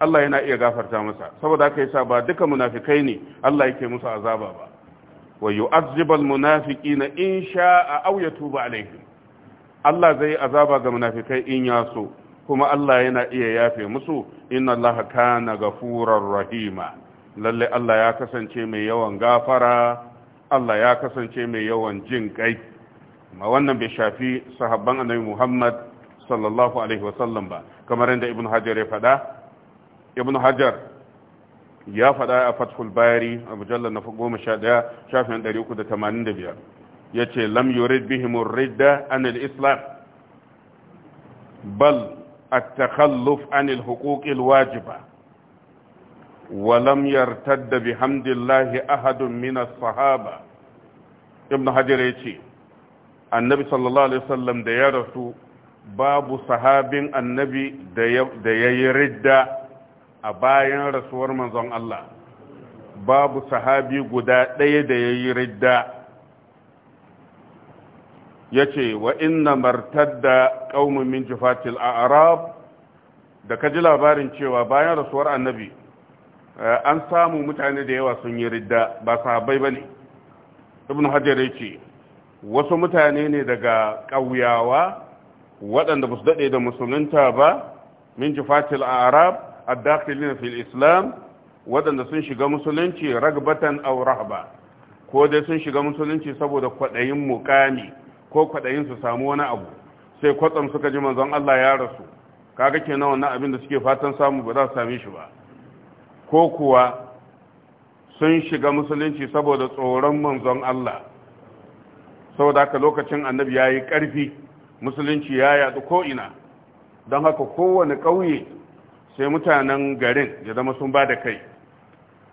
Allah yana iya gafarta masa saboda haka yasa ba duka munafikai ne Allah yake musu azaba ba wa yu'azzibal munafiqina in sha'a aw yatuba alaihim Allah zai azaba ga munafikai in ya so kuma Allah yana iya yafe musu inna Allah kana ghafurar rahima lalle Allah ya kasance mai yawan gafara Allah ya kasance mai yawan jin kai ma wannan bai shafi sahabban annabi Muhammad sallallahu alaihi wasallam ba kamar yadda ibn hajar ya faɗa ibn hajar ya faɗa a fathul bayari a mujallar na goma sha ɗaya shafin ɗari uku da tamanin da biyar ya ce lam yurid bihimur ridda anil islam bal التخلف عن الحقوق الواجبة ولم يرتد بحمد الله أحد من الصحابة ابن حجر يتي النبي صلى الله عليه وسلم ديارته babu sahabin annabi da ya yi ridda a bayan rasuwar manzon Allah babu sahabi guda ɗaya da ya yi ridda ya ce wa inna martadda ƙaumin min jifatil arab da ka ji labarin cewa bayan rasuwar annabi eh, an samu mutane da yawa sun yi ridda ba sahabai ba ne ibn hajjar ce wasu mutane ne daga ƙauyawa waɗanda ba su daɗe da musulunta ba min jufatil arab addakilina fil islam waɗanda sun shiga musulunci ragbatan aw rahba ko dai sun shiga musulunci saboda kwaɗayin mukami ko kwaɗayin su samu wani abu sai kwatsam suka ji manzon Allah ya rasu kaga kenan wannan abin da suke fatan samu ba za su same shi ba ko kuwa sun shiga musulunci saboda tsoron manzon Allah saboda haka lokacin annabi yayi karfi musulunci ya yadu ko'ina don haka kowane ƙauye sai mutanen garin ya zama sun ba da kai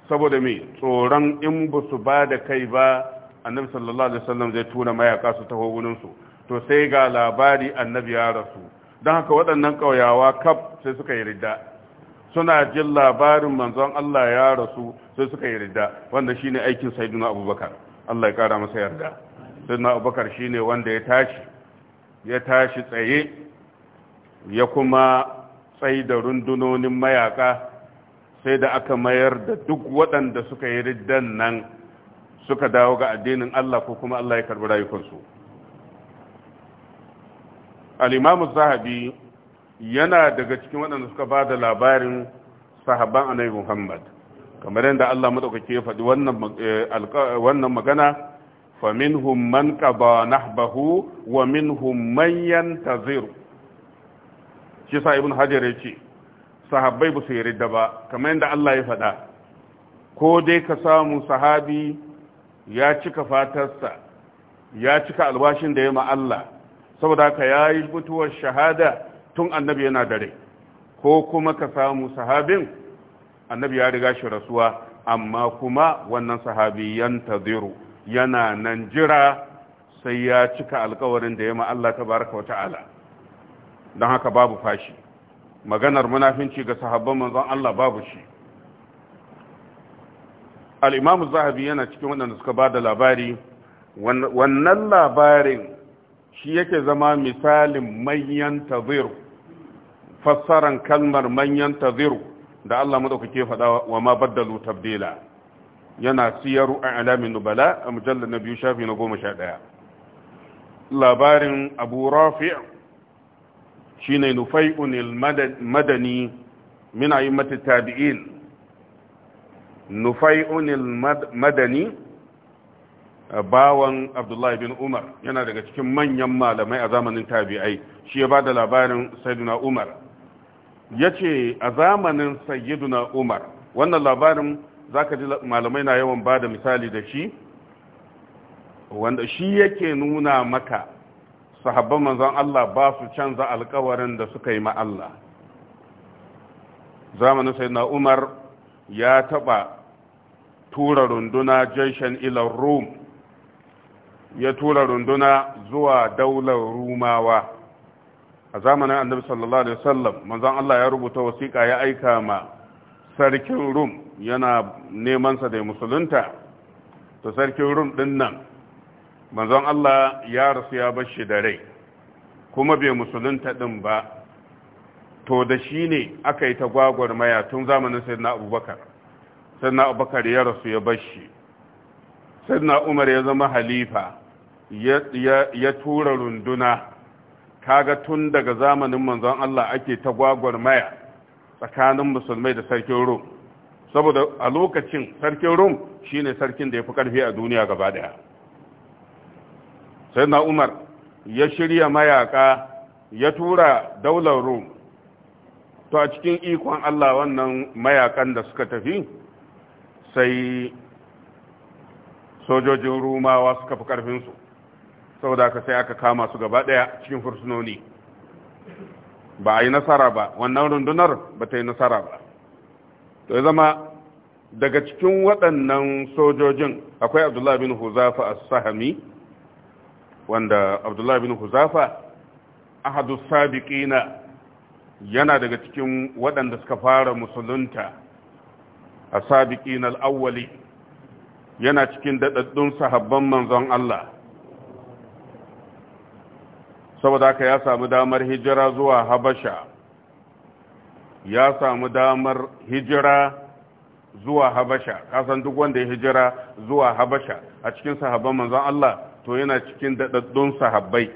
saboda mai tsoron in ba su ba da kai ba annabi sallallahu alaihi wasallam zai tura mayaka su ta wurinsu to sai ga labari annabi ya rasu don haka waɗannan ƙauyawa kaf sai suka yi ridda suna jin labarin manzon Allah ya rasu sai suka yi ridda wanda shine aikin sayyidina abubakar Allah ya kara masa yarda sayyidina abubakar shine wanda ya tashi ya tashi tsaye ya kuma tsai da rundunonin mayaka sai da aka mayar da duk waɗanda suka yi riddan nan suka dawo ga addinin Allah ko kuma Allah ya karbi rayukansu Al’imamu zahabi yana daga cikin waɗanda suka ba da labarin sahaban annabi muhammad kamar yadda Allah madaukake ya faɗi wannan eh, magana فمنهم من قضى نحبه ومنهم من ينتظر shi sa ibn hajar ya ce sahabbai ba ya yarda ba kamar yadda Allah ya faɗa ko dai ka samu sahabi ya cika fatarsa ya cika albashin da ya ma Allah saboda ya yi mutuwar shahada tun annabi yana dare ko kuma ka samu sahabin annabi ya riga shi rasuwa amma kuma wannan sahabi yantaziru yana nan jira sai ya cika alkawarin da ya ma Allah wata wata'ala don haka babu fashi maganar munafinci ga sahabban manzon Allah babu shi al zahabi yana cikin waɗanda suka ba da labari wannan labarin shi yake zama misalin manyan taziru fassaran kalmar manyan taziru da Allah madaukake faɗa wa ma baddalu tabdila yana siyaru a alamin nubala a mujallar na biyu shafi na goma sha ɗaya labarin abu rafia shi ne unil madani mina yi mata tabi'il unil madani bawan abdullahi bin umar yana daga cikin manyan malamai a zamanin tabi'ai shi ya ba da labarin sayyiduna umar ya ce a zamanin sayyiduna umar wannan labarin za ka ji malamai na yawan ba da misali da shi wanda shi yake nuna maka sahabban manzan Allah ba su canza alkawarin da suka yi ma Allah zamanin sai na umar ya taba tura runduna jaishen ilar rum ya tura runduna zuwa daular rumawa a zamanin annabi sallallahu alaihi wasallam manzan Allah ya rubuta wasiƙa ya aika ma sarkin rum yana nemansa da musulunta to sarkin rum din nan manzon Allah ya rasu ya bashi da rai kuma bai musulunta din ba to da shi ne aka yi ta gwagwarmaya tun zamanin sayyidina abubakar sayyidina abubakar ya rasu ya bashi. shi sayyidina umar ya zama halifa ya tura runduna kaga tun daga zamanin manzon Allah ake ta gwagwarmaya tsakanin musulmai da sarkin rum saboda a lokacin sarkin rum shine sarkin da ya fi karfi a duniya gaba daya sai na umar ya shirya mayaka ya tura daular rum to a cikin ikon allah wannan mayakan da suka tafi sai sojojin rumawa suka fi karfinsu saboda ka sai aka kama su gaba daya cikin fursunoni ba a yi nasara ba wannan rundunar ba ta yi nasara ba to zama daga cikin waɗannan sojojin akwai abdullahi bin huzafa a sahami wanda abdullahi bin huzafa ahadu sabiqina yana daga cikin waɗanda suka fara musulunta a sabiqina al yana cikin daɗaɗɗun sahabban manzon Allah saboda haka ya samu damar hijira zuwa habasha ya samu damar hijira zuwa habasha kasan duk wanda ya hijira zuwa habasha a cikin sahabban manzon Allah to yana cikin daɗaɗɗun sahabbai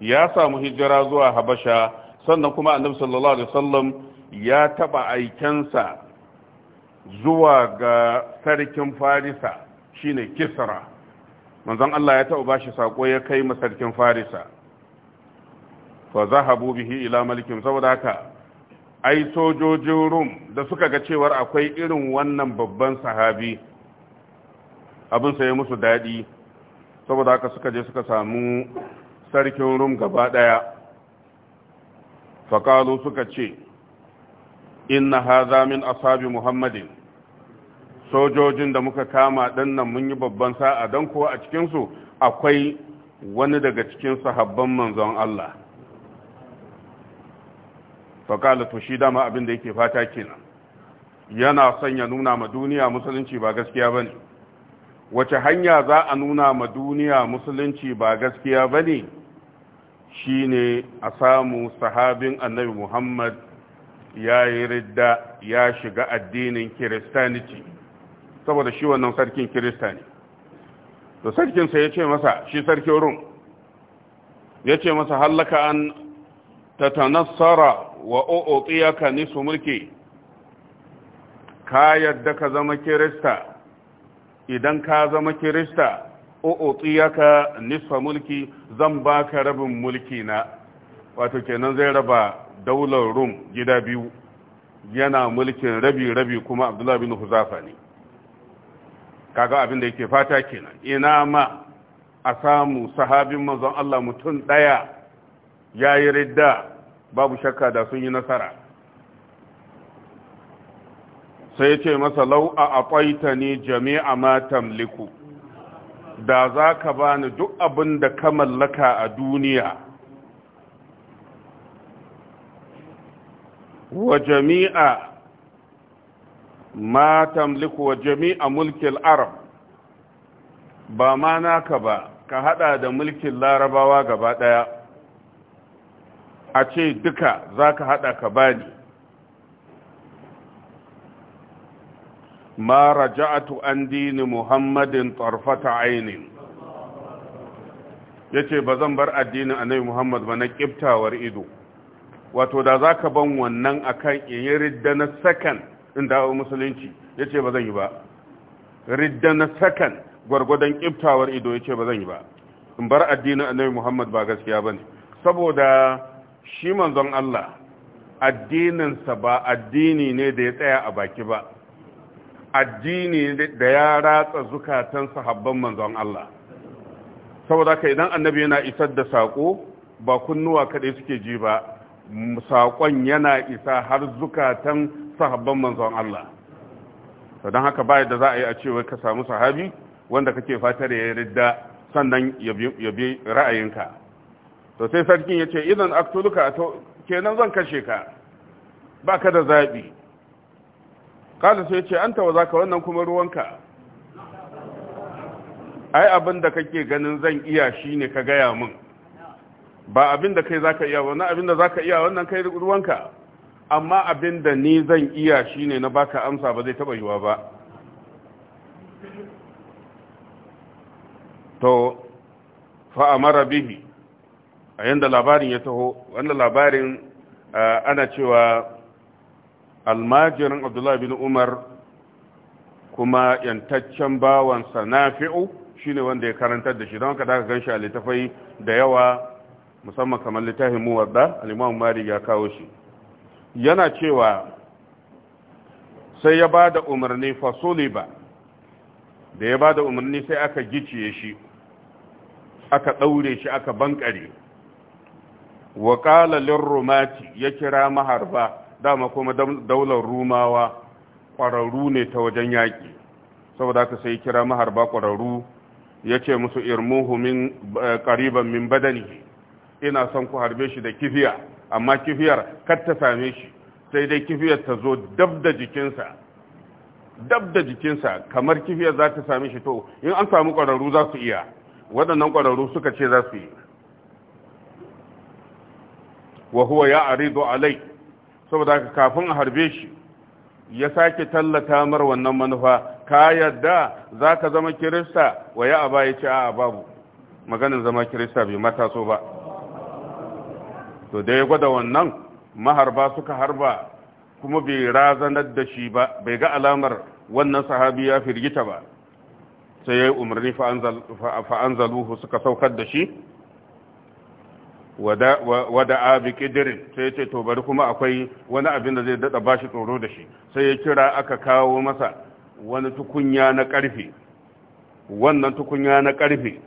ya samu hijira zuwa habasha sannan kuma annabi sallallahu alaihi wasallam ya taba aikensa zuwa ga sarkin farisa shine kisra manzon Allah ya taba bashi sako ya kai ma sarkin farisa fa zahabu bihi ila malikin saboda haka ai sojojin rum da suka ga cewar akwai irin wannan babban sahabi abin sai musu daɗi saboda haka suka je suka samu sarkin rum gaba ɗaya fakalu suka ce inna haza min ashabi muhammadin sojojin da muka kama ɗannan mun yi babban sa'a don kuwa a cikinsu akwai wani daga cikin sahabban manzon Allah faƙala to shi dama abin da yake fata kenan yana son ya nuna ma duniya musulunci ba gaskiya ba ne wace hanya za a nuna ma duniya musulunci ba gaskiya ba ne shi ne a samu sahabin annabi muhammad ya yi ridda ya shiga addinin kiristaniti saboda shi wannan sarkin kiristani to sarkinsa ya ce masa shi sarkin rum ya ce masa hallaka an tatanassara wa o'o'tiyaka nisu mulki ka yadda ka zama kirista idan ka zama kirista o'o'tiyaka nisfa mulki zan baka rabin mulki na wato kenan zai raba daular rum gida biyu yana mulkin rabi-rabi kuma abdullahi bin huzafa ne kaga abin da yake fata kenan ina ma a samu sahabin manzon Allah mutum daya ya yi ridda babu shakka da sun yi nasara sai ce masa lau a akwaita ne jami'a matan liku. da za ka bani duk abin da ka mallaka a duniya wa jami'a ma tamliku wa jami'a mulkin arab ba ma naka ba ka hada da mulkin larabawa gaba daya a ce duka za ka haɗa ka bani ma raja'atu an dini muhammadin tsarfata ainihin ya ce ba zan bar addinin annabi muhammad ba na ƙiftawar ido wato da za ka ban wannan a in yi ridda na sakan in dawo musulunci ya ce ba zan yi ba ridda na sakan gwargwadon ƙiftawar ido ya ce ba zan yi ba in bar addinin annabi muhammad ba gaskiya ba ne saboda shi manzon Allah addininsa ba addini ne da ya tsaya a baki ba addini da ya ratsa zukatan sahabban manzon Allah saboda ka idan annabi yana isar da sako ba kunnuwa kaɗai suke ji ba sakon yana isa har zukatan sahabban manzon Allah don haka ba da za a yi a cewa ka samu sahabi wanda kake fatar ya ridda sannan ya bi ra'ayinka to sai sarkin ya ce idan aktuluka to kenan zan kashe ka ba ka da zaɓi kada sai ce an tawa za ka wannan kuma ruwanka ai abin da kake ganin zan iya shi ne ka gaya min ba abin da kai za ka iya wannan abin da za ka iya wannan kai ruwanka amma abin da ni zan iya shi ne na baka amsa ba zai taɓa yiwa ba to fa'amara bihi a yanda labarin ya taho wannan labarin ana cewa almajirin abdullahi bin umar kuma yantaccen bawansa shi ne wanda ya karantar da shi don haka daga ganshi a littafai da yawa musamman kamar littafin muwadda al-imam ya kawo shi yana cewa sai ya ba da umarni fasoli ba da ya ba da umarni sai aka gice shi aka ɗaure shi aka bankare wa qala lirrumati ya kira maharba dama kuma daular rumawa ƙwararru ne ta wajen yaƙi saboda aka sai kira maharba ƙwararru ya ce musu irmuhu min ƙariban eh, min badani ina son ku harbe shi da kifiya amma kifiyar kar ta same shi sai dai kifiyar ta zo dab da jikinsa dab da jikinsa kamar kifiyar za ta same shi to in an samu ƙwararru za su iya waɗannan ƙwararru suka ce za su yi wa huwa ya aridu alai saboda haka kafin a harbe shi ya sake tallata mar wannan manufa ka yadda za ka zama kirista wa ya aba ce a babu maganin zama kirista bai mataso ba to da ya gwada wannan maharba suka harba kuma bai razanar da shi ba bai ga alamar wannan sahabi ya firgita ba sai ya yi umarni fa'anzaluhu suka saukar da shi wada abi kidirin sai ce to bari kuma akwai wani abin da zai dada bashi tsoro da shi sai ya kira aka kawo masa wani tukunya na karfe wannan tukunya na karfe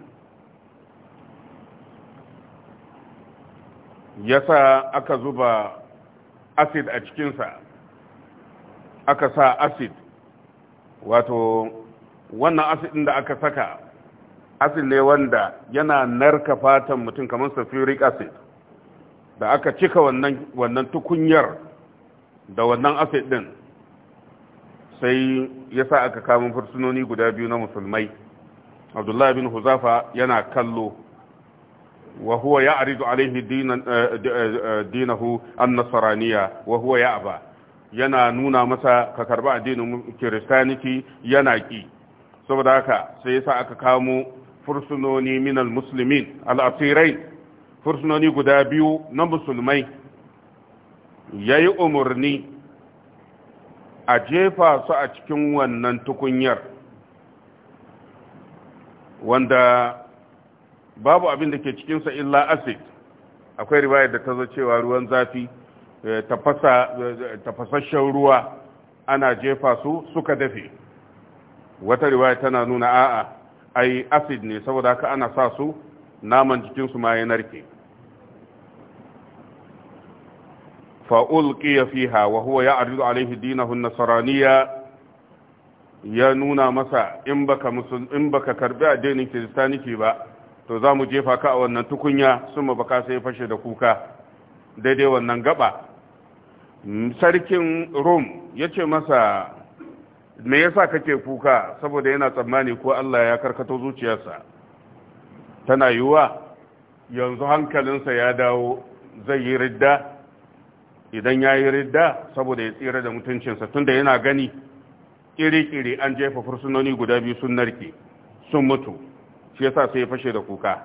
yasa aka zuba acid a cikinsa aka sa acid wato wannan acid da aka saka acid ne wanda yana narka fatan mutum kamar sulfuric acid da aka cika wannan wannan tukunyar da wannan acid din sai yasa aka kama fursunoni guda biyu na musulmai abdullahi bin huzafa yana kallo wa huwa ya'ridu alaihi dinahu an nasara'niya wa huwa aba yana nuna masa ka karba addinin kiristaniki yana ki saboda haka sai yasa aka kamo fursunoni min al muslimin asirai fursunoni guda biyu na musulmai ya yi umarni a jefa su a cikin wannan tukunyar wanda babu abin da ke cikinsa illa acid akwai riwaya da ta zo cewa ruwan zafi eh, eh, tafasasshen ruwa ana jefa su suka dafe wata riwaya tana nuna a'a ai acid ne saboda haka ana sa su naman jikinsu ma ya narke fa'ulƙiya fiha wa huwa ya arzu alaihi dinahun nasaraniya ya nuna masa in baka in baka karbi addinin kiristaniki ba to za mu jefa ka a wannan tukunya sun baka sai fashe da kuka daidai wannan gaba sarkin rom ya ce masa me yasa kake kuka saboda yana tsammani ko Allah ya karkato zuciyarsa tana yiwuwa yanzu hankalinsa ya dawo zai yi ridda idan ya yi ridda saboda ya tsira da mutuncinsa tunda yana gani kiri-kiri an jefa fursunoni guda biyu sun narke sun mutu shi yasa sai ya fashe da kuka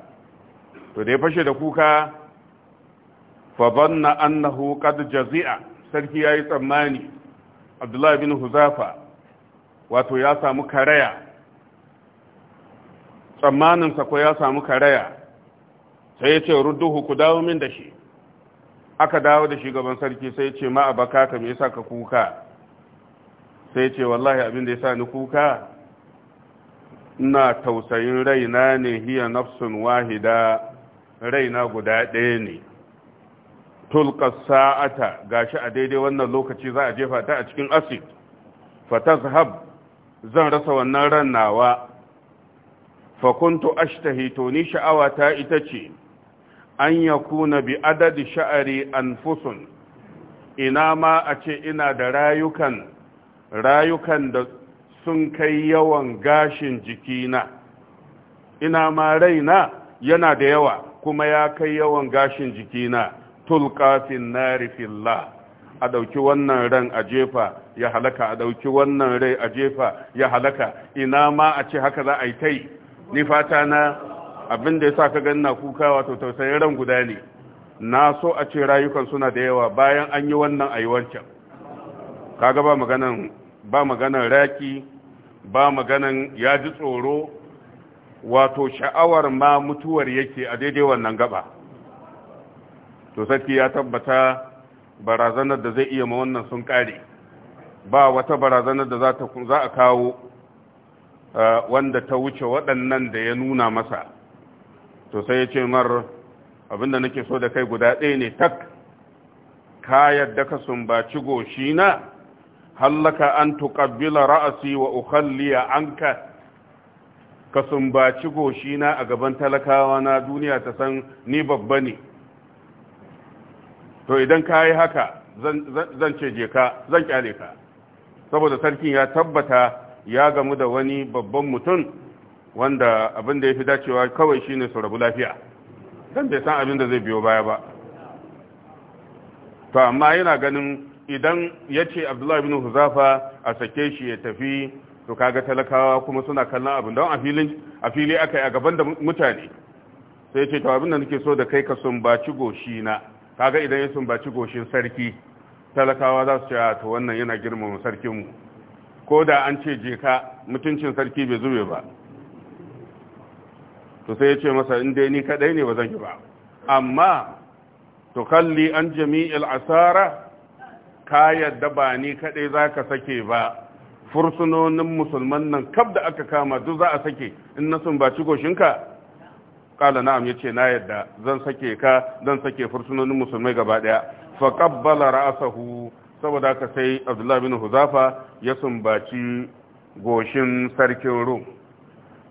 to da ya fashe da kuka fa banna annahu qad jazi'a sarki yayi tsammani Abdullahi bin Huzafa wato ya samu karaya tsammaninsa ko ya samu karaya sai ya ce rudduhu ku dawo min da shi aka dawo da shi gaban sarki sai ya ce ma a ka me yasa ka kuka sai ya ce wallahi abin da yasa ni kuka ina tausayin raina ne hiya nafsun wahida raina guda ɗaya ne tulka sa'ata gashi a daidai wannan lokaci za a jefa ta a cikin asid fatazhab zan rasa wannan ran nawa fa kuntu ashtahi to ni sha'awa ta ita ce an yakuna bi adadi sha'ari anfusun ina ma a ce ina da rayukan rayukan da sun kai yawan gashin jikina ina ma raina yana da yawa kuma ya kai yawan gashin jikina tulqafin nari fillah a ɗauki wannan ran a jefa ya halaka a ɗauki wannan rai a jefa ya halaka ina ma a ce haka za a yi ta yi ni fata na abin da ya sa ka na kuka wato tausayin ran guda ne na so a ce rayukan suna da yawa bayan an yi wannan a yi wancan kaga ba maganan ba maganan raki ba maganan ya ji tsoro wato sha'awar ma mutuwar yake a daidai wannan gaba to sarki ya tabbata barazanar da zai iya ma wannan sun kare ba wata barazanar da za a kawo eh, wanda ta wuce waɗannan da ya nuna masa to sai ya ce mar abinda nake so da kai guda ɗaya ne tak ka yadda ka sumbaci goshi na hallaka an tuƙabila ra'asi wa ukhalliya anka ka sumbaci goshi na a gaban talakawa na duniya ta san ni babba ne to idan ka yi haka zan ce je ka zan kyale ka saboda sarkin ya tabbata ya gamu da wani babban mutum wanda abin da ya fi dacewa kawai shine su rabu lafiya don bai san abin da zai biyo baya ba to amma yana ganin idan ya ce abdullahi bin huzafa a sake shi ya tafi to kaga talakawa kuma suna kallon abin don a fili aka yi a gaban da mutane sai ce to abin da nake so da kai ka sun ba ci goshi na kaga idan ya sumbaci goshin sarki talakawa za su ce to wannan yana girmama sarkinmu ko da an ce je ka mutuncin sarki bai zube ba to sai ya ce masa in dai ni kadai ne ba zan yi ba amma to kalli an jami'il asara ka yadda ba ni kadai za ka sake ba fursunonin musulman nan kab da aka kama duk za a sake in na sumbaci goshin ka. kala na'am yace na yadda zan sake ka zan sake fursunonin musulmai gaba daya fa qabbala ra'sahu saboda ka sai Abdullah bin Huzafa ya sumbaci goshin sarkin Rum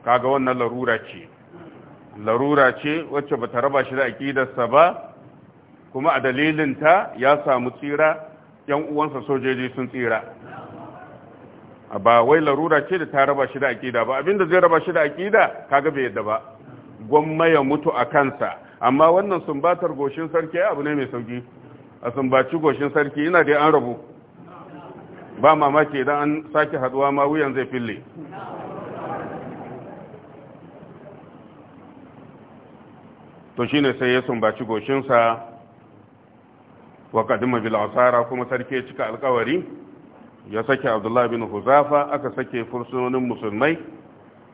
kaga wannan larura ce larura ce wacce bata raba shi da aqidarsa ba kuma a dalilin ta ya samu tsira yan uwansa sojoji sun tsira ba wai larura ce da ta raba shi da aqida ba abinda zai raba shi da aqida kaga bai yadda ba gwamma ya mutu a kansa amma wannan sumbatar goshin sarki abu ne mai sauki a sumbaci goshin sarki ina dai an rabu ba mamaki idan an sake haduwa ma wuyan zai fille to shi ne sai ya sumbaci goshinsa wa kadima bil asara kuma sarki ya cika alkawari ya sake abdullahi bin huzafa aka sake fursunonin musulmai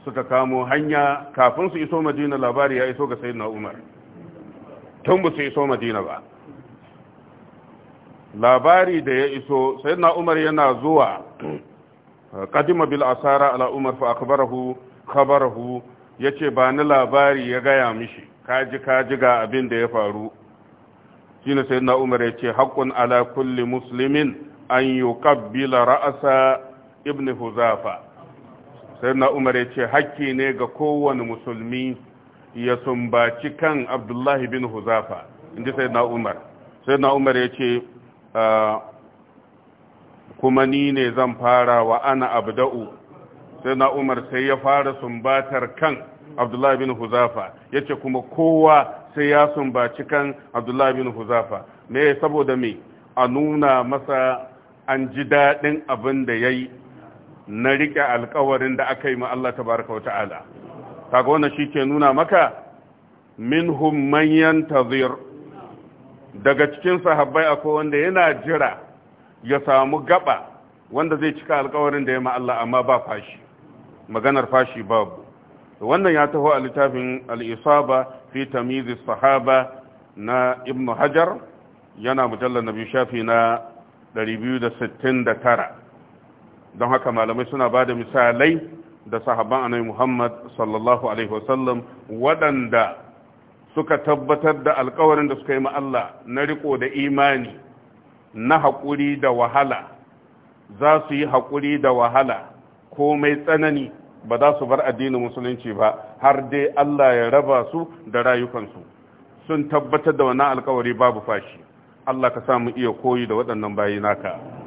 suka kamo hanya kafin su iso madina labari ya iso ga sayyidina umar tun ba su iso madina ba labari da ya iso sayyidina umar yana zuwa kadima bil asara ala umar fa akhbarahu khabarahu yace ba ni labari ya gaya mishi kaji kaji ga abin da ya faru shine sayyidina umar yace haqqun ala kulli muslimin an yuqabbila ra'sa ibn huzafa sai na umar ya ce hakki ne ga kowane musulmi ya sumbaci kan abdullahi bin huzafa inji sai na umar sai na umar ya ce kuma ni ne zan fara wa ana abda'u sai na umar sai ya fara sumbatar kan abdullahi bin huzafa ya ce kuma kowa sai ya sumbaci kan abdullahi bin huzafa me saboda me a nuna masa an ji daɗin abin da ya yi na rike alkawarin da aka yi ma Allah tabaraka wa ta'ala kaga wannan shike nuna maka minhum man yantazir daga cikin sahabbai akwai wanda yana jira ya samu gaba wanda zai cika alkawarin da ya ma Allah amma ba fashi maganar fashi babu wannan ya taho a littafin al-isaba fi tamyiz sahaba na ibnu hajar yana mujallar nabi shafi na 269 don haka malamai suna ba da misalai da sahaban annabi Muhammad sallallahu alaihi wasallam waɗanda suka tabbatar da alkawarin da suka yi ma Allah na riko da imani na haƙuri da wahala za su yi haƙuri da wahala komai tsanani ba za su bar addinin musulunci ba har dai Allah ya raba su da rayukansu sun tabbatar da wannan alkawari babu fashi Allah ka samu iya koyi da waɗannan bayi naka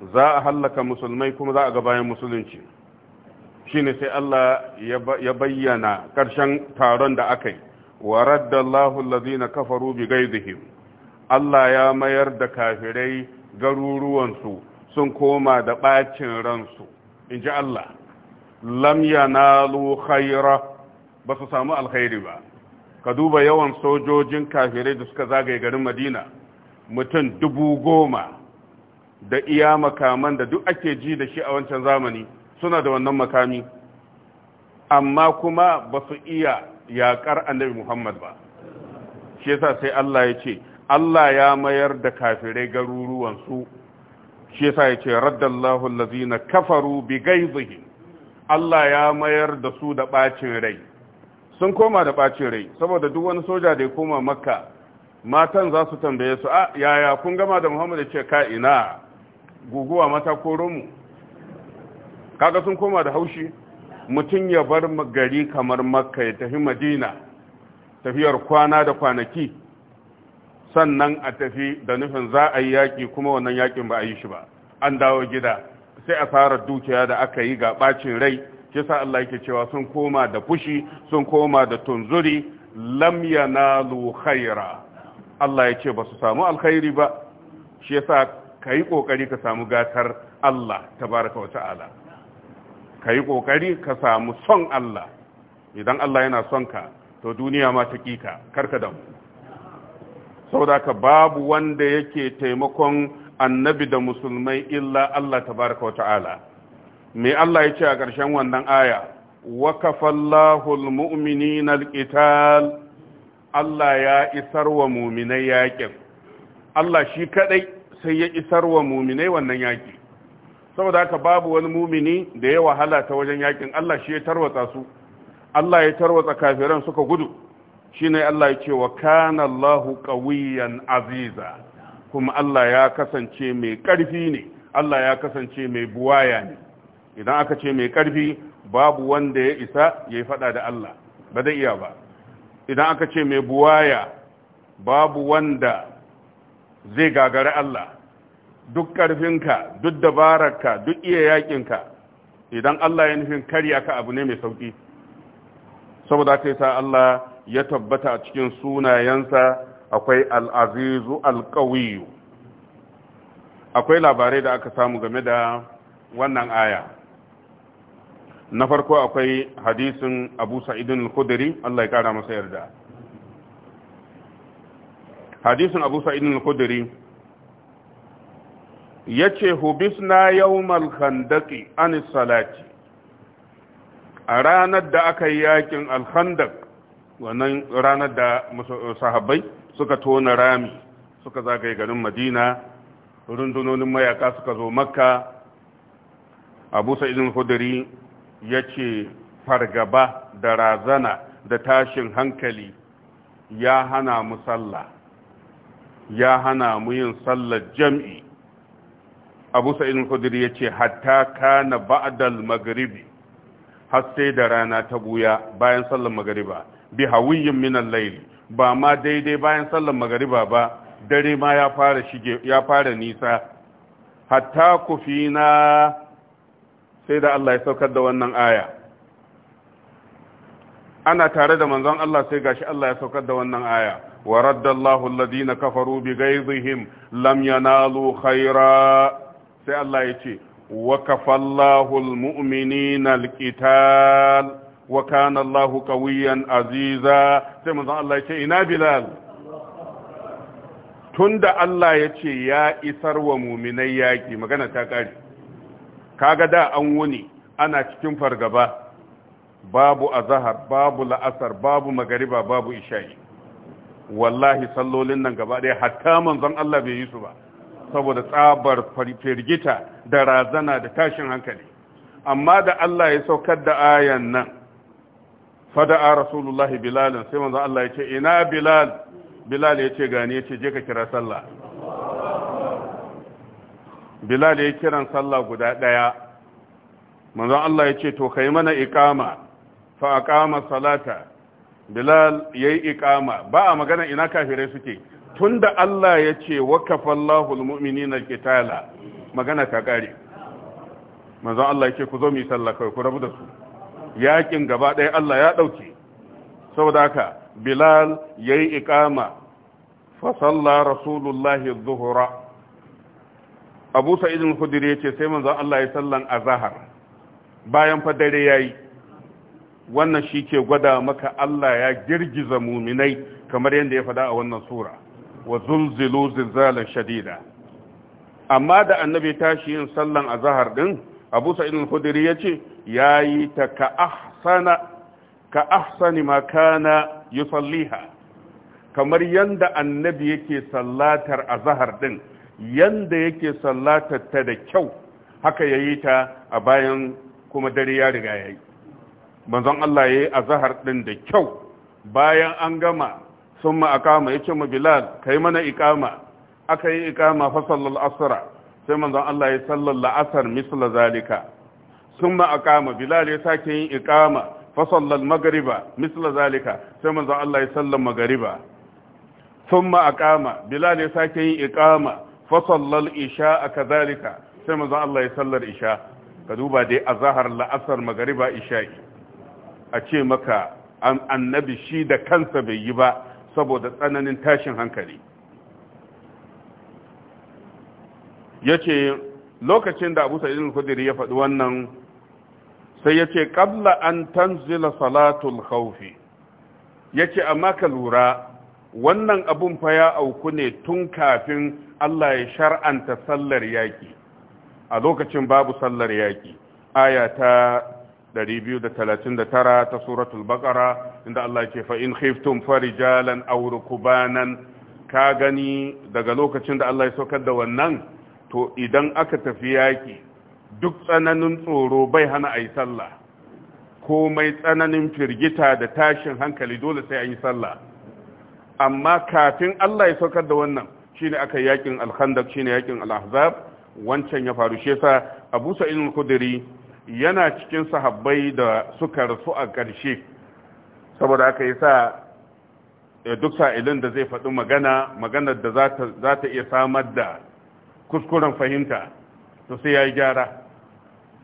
za a hallaka musulmai kuma za a ga bayan musulunci ne sai Allah ya bayyana ƙarshen taron da aka yi wa raddallahu allazina kafaru bi ghaizihim Allah ya mayar da kafirai garuruwansu sun koma da ɓacin ransu In ji Allah lamya na khaira ba su samu alkhairi ba ka duba yawan sojojin kafirai da suka zagaye garin Madina mutum dubu goma da iya makaman da duk ake ji da shi a wancan zamani suna da wannan makami amma kuma ba su iya yaƙar annabi muhammad ba shi yasa sai allah ya ce allah ya mayar da kafirai garuruwansu shi yasa ya ce raddallahu allazina kafaru bi gaizihim allah ya mayar da su da bacin rai sun koma da bacin rai saboda duk wani soja da ya koma makka matan za su tambaye su a ah, yaya kun gama da muhammad ya ce ka ina guguwa mata ko mu kaga sun koma da haushi mutum ya bar gari kamar makka ya tafi madina tafiyar kwana da kwanaki sannan a tafi da nufin za a yi yaƙi kuma wannan yaƙin ba a yi shi ba an dawo gida sai a fara dukiya da aka yi ga ɓacin rai shi sa Allah yake cewa sun koma da fushi sun koma da tunzuri lam yanalu khaira Allah ya ce ba su samu alkhairi ba shi yasa ka yi ƙoƙari ka samu gatar Allah baraka wa ta'ala ka yi ƙoƙari ka samu son Allah idan Allah yana son ka to duniya ma ta ka, karka da mu da ka babu wanda yake taimakon annabi da musulmai illa Allah baraka wa ta'ala me Allah ya ce a ƙarshen wannan aya waka kafallahu na alqital Allah ya isar wa mu'minai yaƙin Allah shi kaɗai. sai ya isar wa muminai wannan yaki saboda haka babu wani mumini da ya wahala ta wajen yakin Allah shi ya tarwatsa su Allah ya tarwatsa kafiran suka gudu shine Allah ya ce wa kana Allahu qawiyan aziza kuma Allah ya kasance mai ƙarfi ne Allah ya kasance mai buwaya ne idan aka ce mai ƙarfi babu wanda ya isa ya yi faɗa da Allah ba zai iya ba idan aka ce mai buwaya babu wanda zai gagari Allah duk ƙarfinka duk dabararka duk iya yakinka idan Allah ya nufin kariya ka abu ne mai sauƙi. saboda kai sa Allah ya tabbata a cikin sunayensa akwai al'azizu alƙawiyu akwai labarai da aka samu game da wannan aya na farko akwai hadisin abu sa'idin al Allah ya ƙara masa yarda hadisin abu sa'id al ya yace hubisna yawmal khandaqi an salati a ranar da aka yi yakin al wannan ranar da sahabbai suka tona rami suka zagaye garin madina rundunonin mayaka suka zo makka abu sa'id al ya ce fargaba da razana da tashin hankali ya hana musalla ya hana mu yin sallar jam'i abu sa’in hudur ya ce hatta kana ba’adal magaribi har sai da rana ta buya bayan sallar magariba bi hawiyin minan laili ba ma daidai bayan sallar magariba ba dare ma ya fara shige ya fara nisa hatta na sai da Allah ya saukar da wannan aya ana tare da manzon Allah sai gashi Allah ya saukar da wannan aya ورد الله الذين كفروا بغيظهم لم ينالوا خيرا سي الله يتي وكفى الله المؤمنين القتال وكان الله قويا عزيزا سي من الله يتي إنا بلال tunda Allah ya ce ya isar wa muminai yaƙi magana ta ƙari kaga da an wuni ana cikin fargaba babu azahar babu la'asar babu magariba babu isha'i wallahi sallolin nan gaba ɗaya hatta manzon Allah bai yi su ba saboda tsabar firgita da razana da tashin hankali amma da Allah ya saukar da ayan nan fada'a rasulullahi bilalin sai manzon Allah ya ce ina bilal bilal ya ce gani ya ce je ka kira sallah bilal ya kiran sallah guda ɗaya manzon Allah ya ce to kai mana iqama fa aqama salata bilal ya yi ikama ba a magana ina kafirai suke tun da Allah ya ce wakafallahu almu'mini na ƙitala magana ta kare manzon Allah ya ce ku zo mu yi sallah kawai ku rabu da su yakin gaba ɗaya Allah ya ɗauke saboda haka bilal ya yi ikama fasalla rasulullahi zuhura abu sa'idin hudiri ya ce sai manzon Allah ya sallan azahar bayan fa dare ya yi wannan shi ke gwada maka Allah ya girgiza muminai kamar yadda ya faɗa a wannan sura wa zulzilu zilzalan shadida amma da annabi tashi yin sallan azahar din Abu Sa'id al-Khudri yace yayi ta ka ahsana ka ahsani ma kana yusalliha kamar yanda annabi yake sallatar azahar din yanda yake sallatar ta da kyau haka yayi ta a bayan kuma dare ya riga yayi manzon Allah ya yi a zahar ɗin da kyau bayan an gama sun ma'akama ya ce ma bilal ka yi mana ikama aka yi ikama fasallar Asura sai manzon Allah ya sallar la'asar misla zalika sun ma'akama bilal ya sake yin ikama fasallar magariba misla zalika sai manzon Allah ya sallar magariba sun ma'akama bilal ya sake yin ikama fasallar isha a kazalika sai manzon Allah ya sallar isha ka duba dai a zahar la'asar magariba isha'i a ce maka annabi shi da kansa bai yi ba saboda tsananin tashin hankali ya ce lokacin da abu sa'idin kudiri ya faɗi wannan sai ya ce ƙabla an tanzila salatul haufi ya ce amma ka lura wannan abun fa ya auku ne tun kafin Allah ya shar'anta sallar yaƙi a lokacin babu sallar yaƙi aya ta 239 ta suratul baqara inda Allah ke fa in farijalan aw rukbanan ka gani daga lokacin da Allah ya saukar da wannan to idan aka tafi yaki duk tsananin tsoro bai hana ayi sallah komai tsananin firgita da tashin hankali dole sai an yi sallah amma kafin Allah ya saukar da wannan ne aka yaƙin al shi ne yakin al-ahzab wancan ya faru shi yasa Abu Sa'id al yana cikin sahabbai da suka rasu a ƙarshe saboda aka yi sa eh, duk sa'ilin da zai faɗi magana maganar da za ta iya samar da kuskuren fahimta to sai ya yi gyara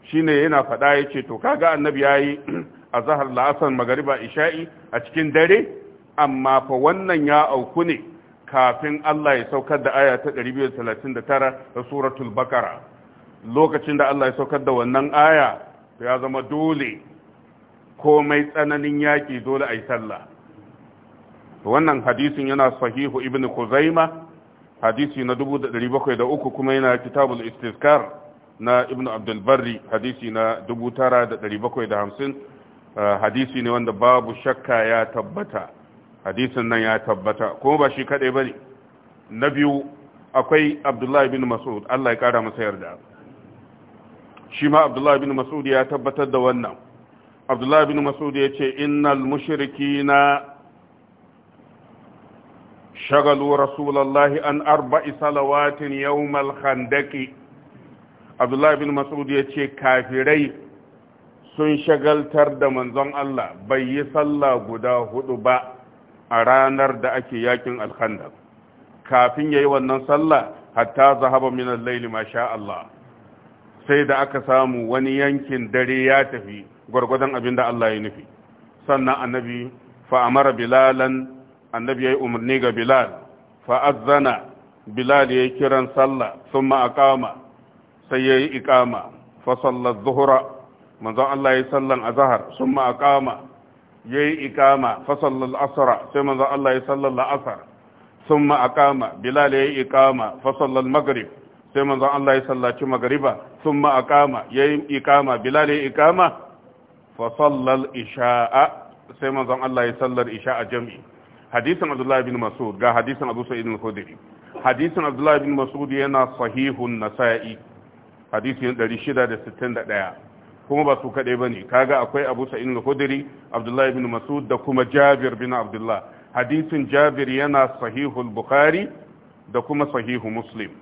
shi ne yana faɗa ya ce to kaga annabi ya yi a zahar la'asar magariba isha'i a cikin dare amma fa wannan ya auku ne kafin Allah ya saukar da aya ta 239 da suratul bakara lokacin da Allah ya saukar da wannan aya ya zama dole komai tsananin yaƙi dole a yi sallah wannan hadisin yana sahihu ibn kuzaima hadisi na 1703 kuma yana kitabul istiskar na ibn abdulbarri hadisi na 1750 uh, hadisi ne wanda babu shakka ya tabbata hadisin nan ya tabbata kuma ba shi kaɗai ba ne na biyu akwai abdullahi bin masud allah ya ƙara masa yarda shi ma abdullahi bin masudi ya tabbatar da wannan abdullahi bin masudi ya ce innal na shagalu rasulallahi an arba'i salawatin yawmal khandaki abdullahi bin masudi ya ce kafirai sun shagaltar da manzon Allah bai yi sallah guda hudu ba a ranar da ake yakin alkhandar kafin ya yi wannan sallah hatta zahaba minan laili ma sha Allah sai da aka samu wani yankin dare ya tafi gwargwadon abin da Allah ya nufi sannan annabi fa'amara bilalan annabi ya yi umarni ga bilal fa'azzana bilal ya yi kiran sallah sun ma'aƙama sai ya yi ikama fasallar zuhura manzon Allah ya yi sallan a zahar sun ma'aƙama ya yi ikama fasallar asara sai manzon Allah ya yi sallan la'asar sun ma'aƙama bilal ya yi ikama fasallar magrib sai manzon Allah ya sallaci magariba sun ma ya yayi ikama bilal ya ikama fa sallal isha'a sai manzon Allah ya sallar isha'a jami'i hadisin Abdullahi bin Mas'ud ga hadisin Abu Sa'id al-Khudri hadisin Abdullahi bin Mas'ud yana sahihun Nasa'i hadisin 661 kuma ba su kaɗai ba ne kaga akwai abu sa'in al-khudri abdullahi bin masud da kuma jabir bin abdullah hadisin jabir yana sahihul bukhari da kuma sahihu muslim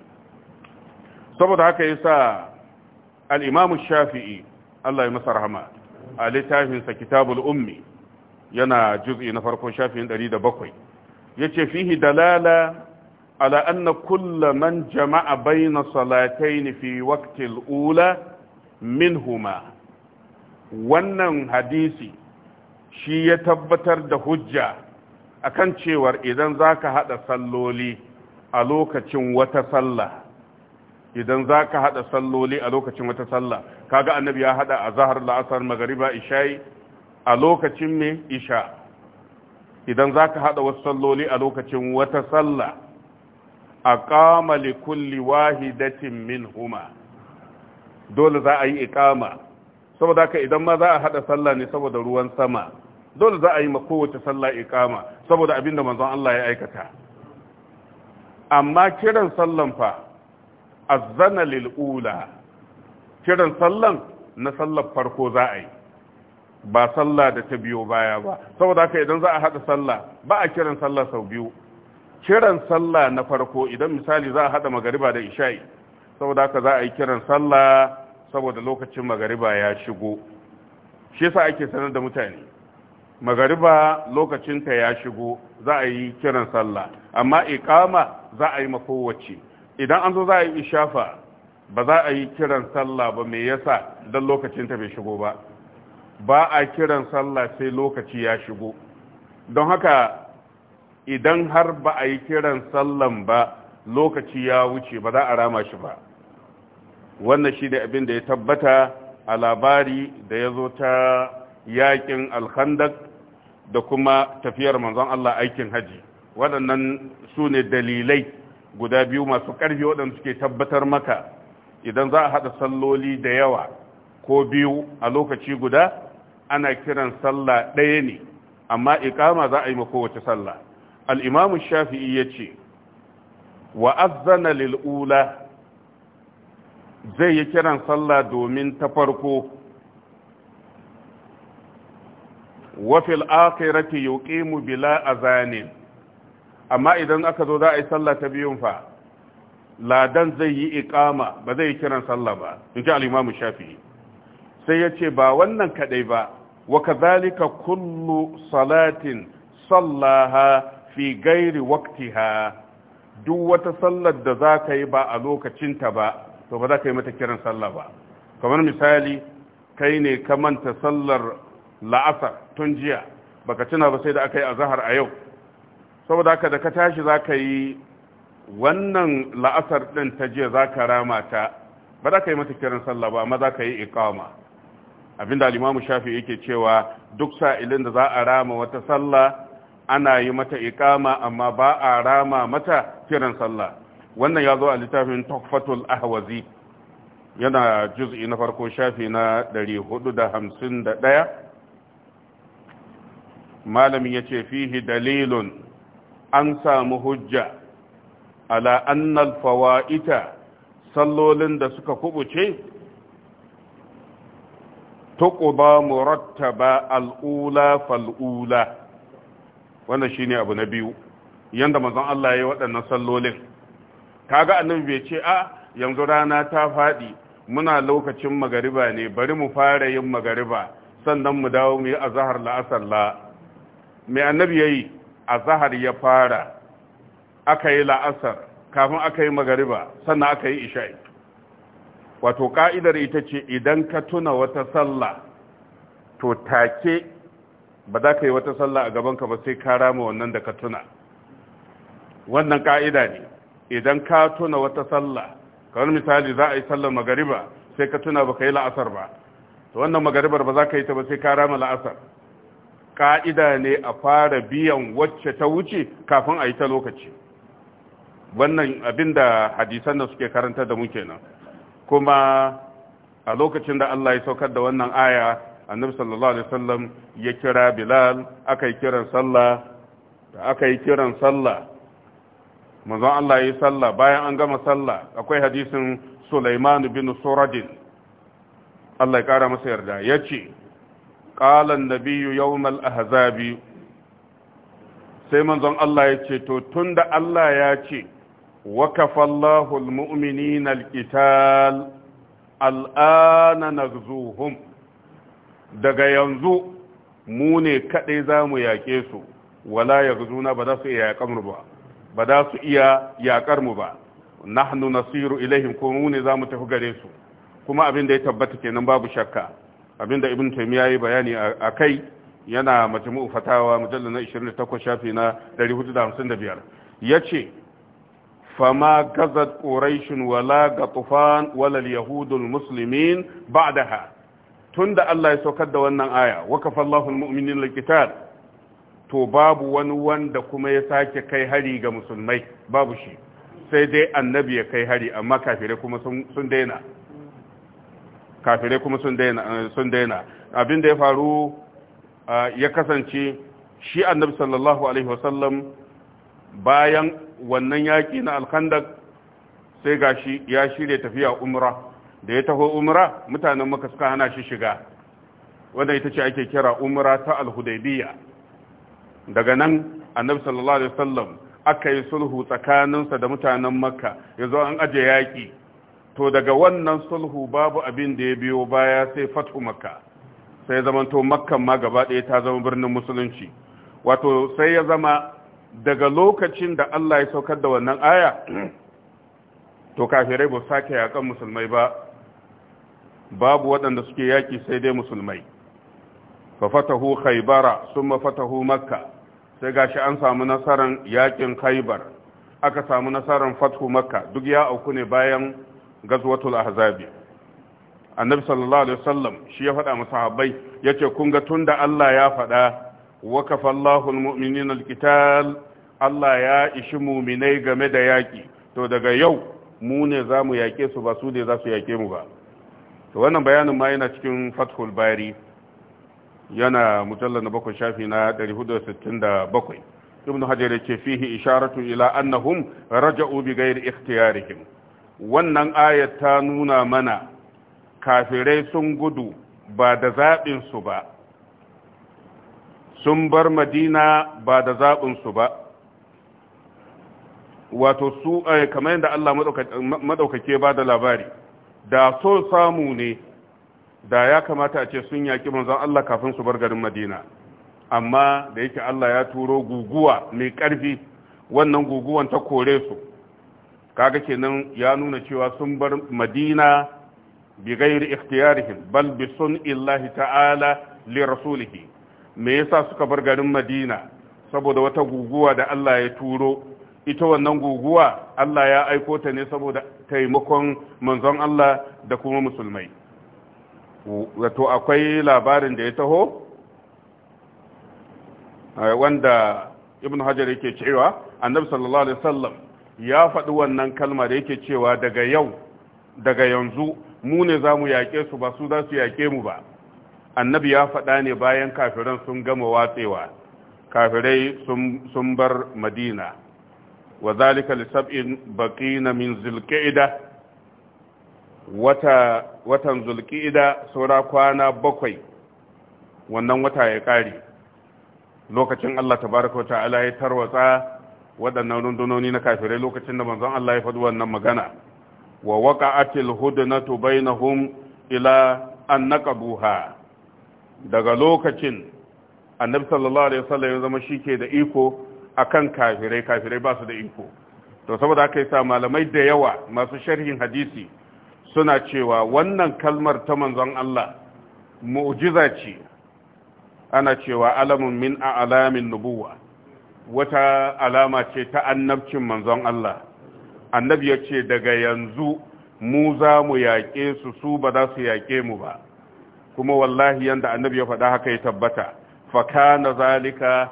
saboda haka ya sa imam shafi'i Allah ya masa rahama a littafinsa kitabul ummi yana juz'i na farko shafin 107 yace fihi dalala ala anna kulla man jama'a bayna salatayn fi waqti ula min huma wannan hadisi shi ya tabbatar da hujja akan cewar idan zaka haɗa salloli a lokacin wata sallah idan za ka haɗa salloli a lokacin wata sallah kaga annabi ya haɗa a zahar la'asar magariba isha'i a lokacin mai isha idan za ka haɗa wasu salloli a lokacin wata sallah a ƙama kulli wahidatin min huma dole za a yi iƙama saboda haka idan ma za a haɗa sallah ne saboda ruwan sama dole za a yi ma kowace sallah iƙama saboda abinda manzon Allah ya aikata amma kiran sallan fa azzana lil ula kiran sallan na sallar farko za a yi ba sallah da ta biyo baya ba saboda haka idan za a haɗa sallah ba a kiran sallah sau biyu kiran sallah na farko idan misali za a haɗa magariba da isha'i saboda haka za a yi kiran sallah saboda lokacin magariba ya shigo shi yasa ake sanar da mutane magariba lokacinta ya shigo za a yi kiran sallah amma iqama za a yi makowace idan an zo za a yi ishafa ba za a yi kiran sallah ba me yasa dan lokacin ta bai shigo ba ba a kiran sallah sai lokaci ya shigo don haka idan har ba a yi kiran sallan ba lokaci ya wuce ba za a rama shi ba wannan shi da abin da ya tabbata a labari da ya zo ta yakin alkhandak da kuma tafiyar manzon Allah aikin haji waɗannan su ne dalilai guda biyu masu ƙarfi waɗanda suke tabbatar maka idan za a haɗa salloli da yawa ko biyu a lokaci guda ana kiran sallah ɗaya ne amma iƙama za a yi ma kowace sallah al'imamu shafi'i ya ce wa azzana lil'ula zai yi kiran sallah domin ta farko wafil akirati mu bila azanin amma idan aka zo za a yi sallah ta biyun fa ladan zai yi iƙama ba zai yi kiran sallah ba inji al-imamu shafi'i sai ya ce ba wannan kadai ba wa kadhalika kullu salatin sallaha fi gairi waqtiha duk wata sallar da za ka yi ba a lokacinta ba to ba za ka yi mata kiran sallah ba kamar misali kai ne ka manta sallar la'asar tun jiya baka tuna ba sai da aka yi zahar a yau saboda haka da ka tashi za ka yi wannan la'asar ɗin ta jiya za ka rama ta ba za ka yi mata kiran sallah ba amma za ka yi iqama abinda limamu shafi yake cewa duk sa'ilin da za a rama wata sallah ana yi mata iqama amma ba a rama mata kiran sallah wannan ya zo a littafin tuhfatul ahwazi yana juz'i na farko shafi na 451 malamin yace fihi dalilun an samu hujja ala annal fawa'ita sallolin da suka kubuce tuquba murattaba al'ula fal'ula wannan shine abu na biyu yanda manzon Allah ya yi waɗannan sallolin kaga annabi bai ce a yanzu rana ta faɗi muna lokacin magariba ne bari mu fara yin magariba sannan mu dawo mu yi azhar la'asar la mai annabi yayi azahar ya fara aka yi la'asar kafin aka yi magariba sannan aka yi isha'i wato ka'idar ita ce idan ka tuna wata sallah to take ba za ka yi wata sallah a gabanka ba sai ka rama wannan da ka tuna wannan ka'ida ne idan ka tuna wata sallah kamar misali za a yi sallar magariba sai ka tuna ba ka yi la'asar ba to wannan magaribar ba za ka yi ta ba sai ka rama la'asar ka'ida ne a fara biyan wacce ta wuce kafin a yi ta lokaci wannan abin da hadisan da suke karanta da muke nan kuma a lokacin da Allah ya saukar da wannan aya annabi sallallahu alaihi wasallam ya kira Bilal aka yi kiran sallah da aka yi kiran sallah manzon Allah ya yi sallah bayan an gama sallah akwai hadisin Sulaiman bin Suradin Allah ya kara masa yarda yace ƙalan da biyu yawmal ahzabi sai manzon Allah ya ce to tun da Allah ya ce wakafallahu almu'minina alqital al'ana zuhun. daga yanzu mu ne kaɗai za mu yaƙe su wala yaghzuna ba za su iya yaƙar ba ba za su iya yaƙar mu ba nahnu nasiru ilahim ko mu ne za mu tafi gare su kuma abin da ya tabbata kenan babu shakka abinda ibn taymiya yayi bayani a kai yana majmu'u fatawa mujallal na 28 shafi na 455 yace fama gazat quraish wala gatufan wala alyahudul muslimin ba'daha tunda Allah ya saukar da wannan aya wakafa Allahu almu'minina alqital to babu wani wanda kuma ya sake kai hari ga musulmai babu shi sai dai annabi ya kai hari amma kafirai kuma sun daina kafirai kuma sun daina abin da ya faru ya kasance shi annabi sallallahu alaihi wasallam bayan wannan yaƙi na alkandak sai gashi ya shirya tafiya umra da ya taho umra mutanen maka suka hana shi shiga wanda ita ce ake kira umra ta alhudaibiya daga nan annabi sallallahu alaihi wasallam aka yi sulhu tsakaninsa da mutanen makka zo an aje yaƙi to daga wannan sulhu babu abin da ya biyo baya sai fatu makka sai zamanto makkan ma gaba ɗaya ta zama birnin musulunci wato sai ya zama daga lokacin da Allah ya saukar da wannan aya to kafirai ba sake yakan musulmai ba babu waɗanda suke yaƙi sai dai musulmai fa fatahu khaybara summa fatahu makka sai gashi an samu nasaran yaƙin khaybar aka samu nasaran fathu makka duk ya auku ne bayan gazwatul ahzabi annabi sallallahu alaihi wasallam shi ya faɗa masahabbai yace kun ga tunda Allah ya faɗa wa kafallahu almu'minina alqital Allah ya ishi mu'minai game da yaki to daga yau mu ne zamu yake su ba su ne za su yake mu ba to wannan bayanin ma yana cikin fathul bari yana mujallal na bakwai shafi na 467 ibn hajar yake fihi isharatu ila annahum raja'u bi ghairi ikhtiyarihim wannan ayat ta nuna mana kafirai sun gudu ba da zaɓinsu ba sun bar madina ba da zaɓinsu ba wato su eh, kamar yadda Allah maɗaukake ba da labari da so samu ne da ya kamata a ce sun yaƙi manzon Allah kafin su bar garin madina amma da yake Allah ya turo guguwa mai ƙarfi wannan guguwan ta kore su kaga kenan ya nuna cewa sun bar madina bi gairi ikhtiyarihim bal bi sun'illahi ta'ala li rasulihi me yasa suka bar garin madina saboda wata guguwa da Allah ya turo ita wannan guguwa Allah ya aiko ta ne saboda taimakon manzon Allah da kuma musulmai wato akwai labarin da ya taho wanda ibn hajar yake cewa annabi sallallahu alaihi wasallam ya faɗi wannan kalmar yake cewa daga yau daga yanzu mu ne za mu yaƙe su ba su za su yaƙe mu ba annabi ya faɗa ne bayan kafiran sun gama watsewa kafirai sun bar madina wa zalika li sab'in baqina min zulqa'ida wata watan zulqa'ida saura kwana bakwai wannan wata ya kare lokacin Allah tabaraka wa ta'ala ya tarwatsa waɗannan rundunoni na kafirai lokacin da manzon Allah ya faɗi wannan magana wa waqa'atil hudnatu bainahum ila an naqabuha daga lokacin annabi sallallahu alaihi wasallam ya zama shike da iko akan kafirai kafirai ba su da iko to saboda haka yasa malamai da yawa masu sharhin hadisi suna cewa wannan kalmar ta manzon Allah mu'jiza ce ana cewa alamun min a'lamin nubuwa wata alama ce ta annabcin manzon Allah annabi yace daga yanzu mu za mu yaƙe su su ba za su yaƙe mu ba kuma wallahi yanda annabi ya faɗa haka ya tabbata faka na zalika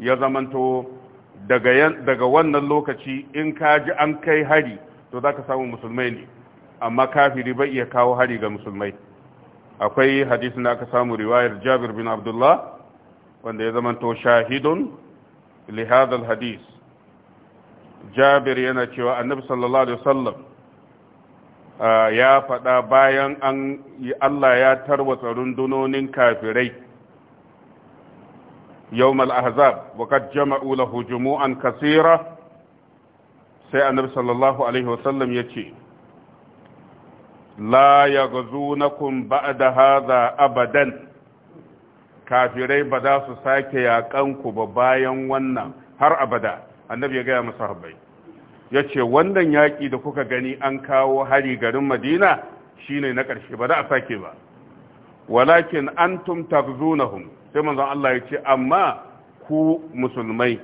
ya zamanto daga wannan lokaci in ka ji an kai hari to zaka samu musulmai ne amma kafiri bai iya kawo hari ga musulmai akwai hadisin da aka samu riwayar jabir bin abdullah wanda ya zamanto shahidun لهذا الحديث جابر yana cewa annabi sallallahu alaihi wasallam ya faɗa bayan an Allah ya tarwatsa rundunonin kafirai يوم الأحزاب وقد جمعوا له جموعا كثيرة سي النبي صلى الله عليه وسلم يتي لا يغزونكم بعد هذا أبدا kafirai ba za su sake yakan ku ba bayan wannan har abada annabi ya gaya masa habbai ya ce wannan yaƙi da kuka gani an kawo hari garin madina shi ne na ƙarshe ba za a sake ba walakin an antum tagzunahum sai manzon Allah ya ce amma ku musulmai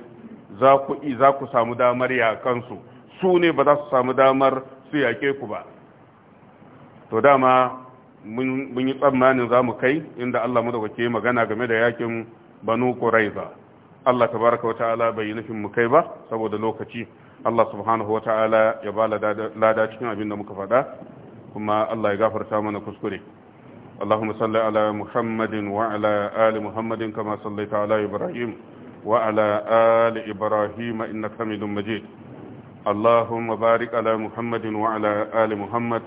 za ku za ku samu damar yakansu su ne ba za su samu damar su yaƙe ku ba to dama mun yi tsammanin za mu kai inda Allah madaukake magana game da yakin banu quraiza Allah baraka wa ta'ala bai yi nufin mu kai ba saboda lokaci Allah subhanahu wa ta'ala ya ba lada cikin abin da muka faɗa kuma Allah ya gafarta mana kuskure اللهم صل على محمد وعلى آل محمد كما صليت على إبراهيم ali ibrahim إبراهيم إنك حميد مجيد اللهم بارك على محمد وعلى ali muhammad.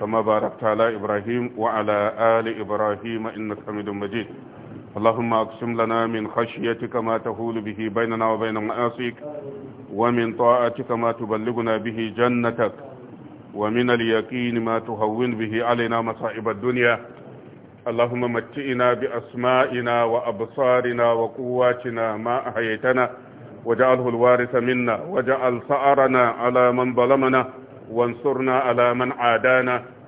كما باركت على إبراهيم وعلى آل إبراهيم إنك حميد مجيد اللهم أقسم لنا من خشيتك ما تهول به بيننا وبين معاصيك ومن طاعتك ما تبلغنا به جنتك ومن اليقين ما تهون به علينا مصائب الدنيا اللهم متئنا بأسمائنا وأبصارنا وقواتنا ما أحييتنا وجعله الوارث منا وجعل ثأرنا على من ظلمنا وانصرنا على من عادانا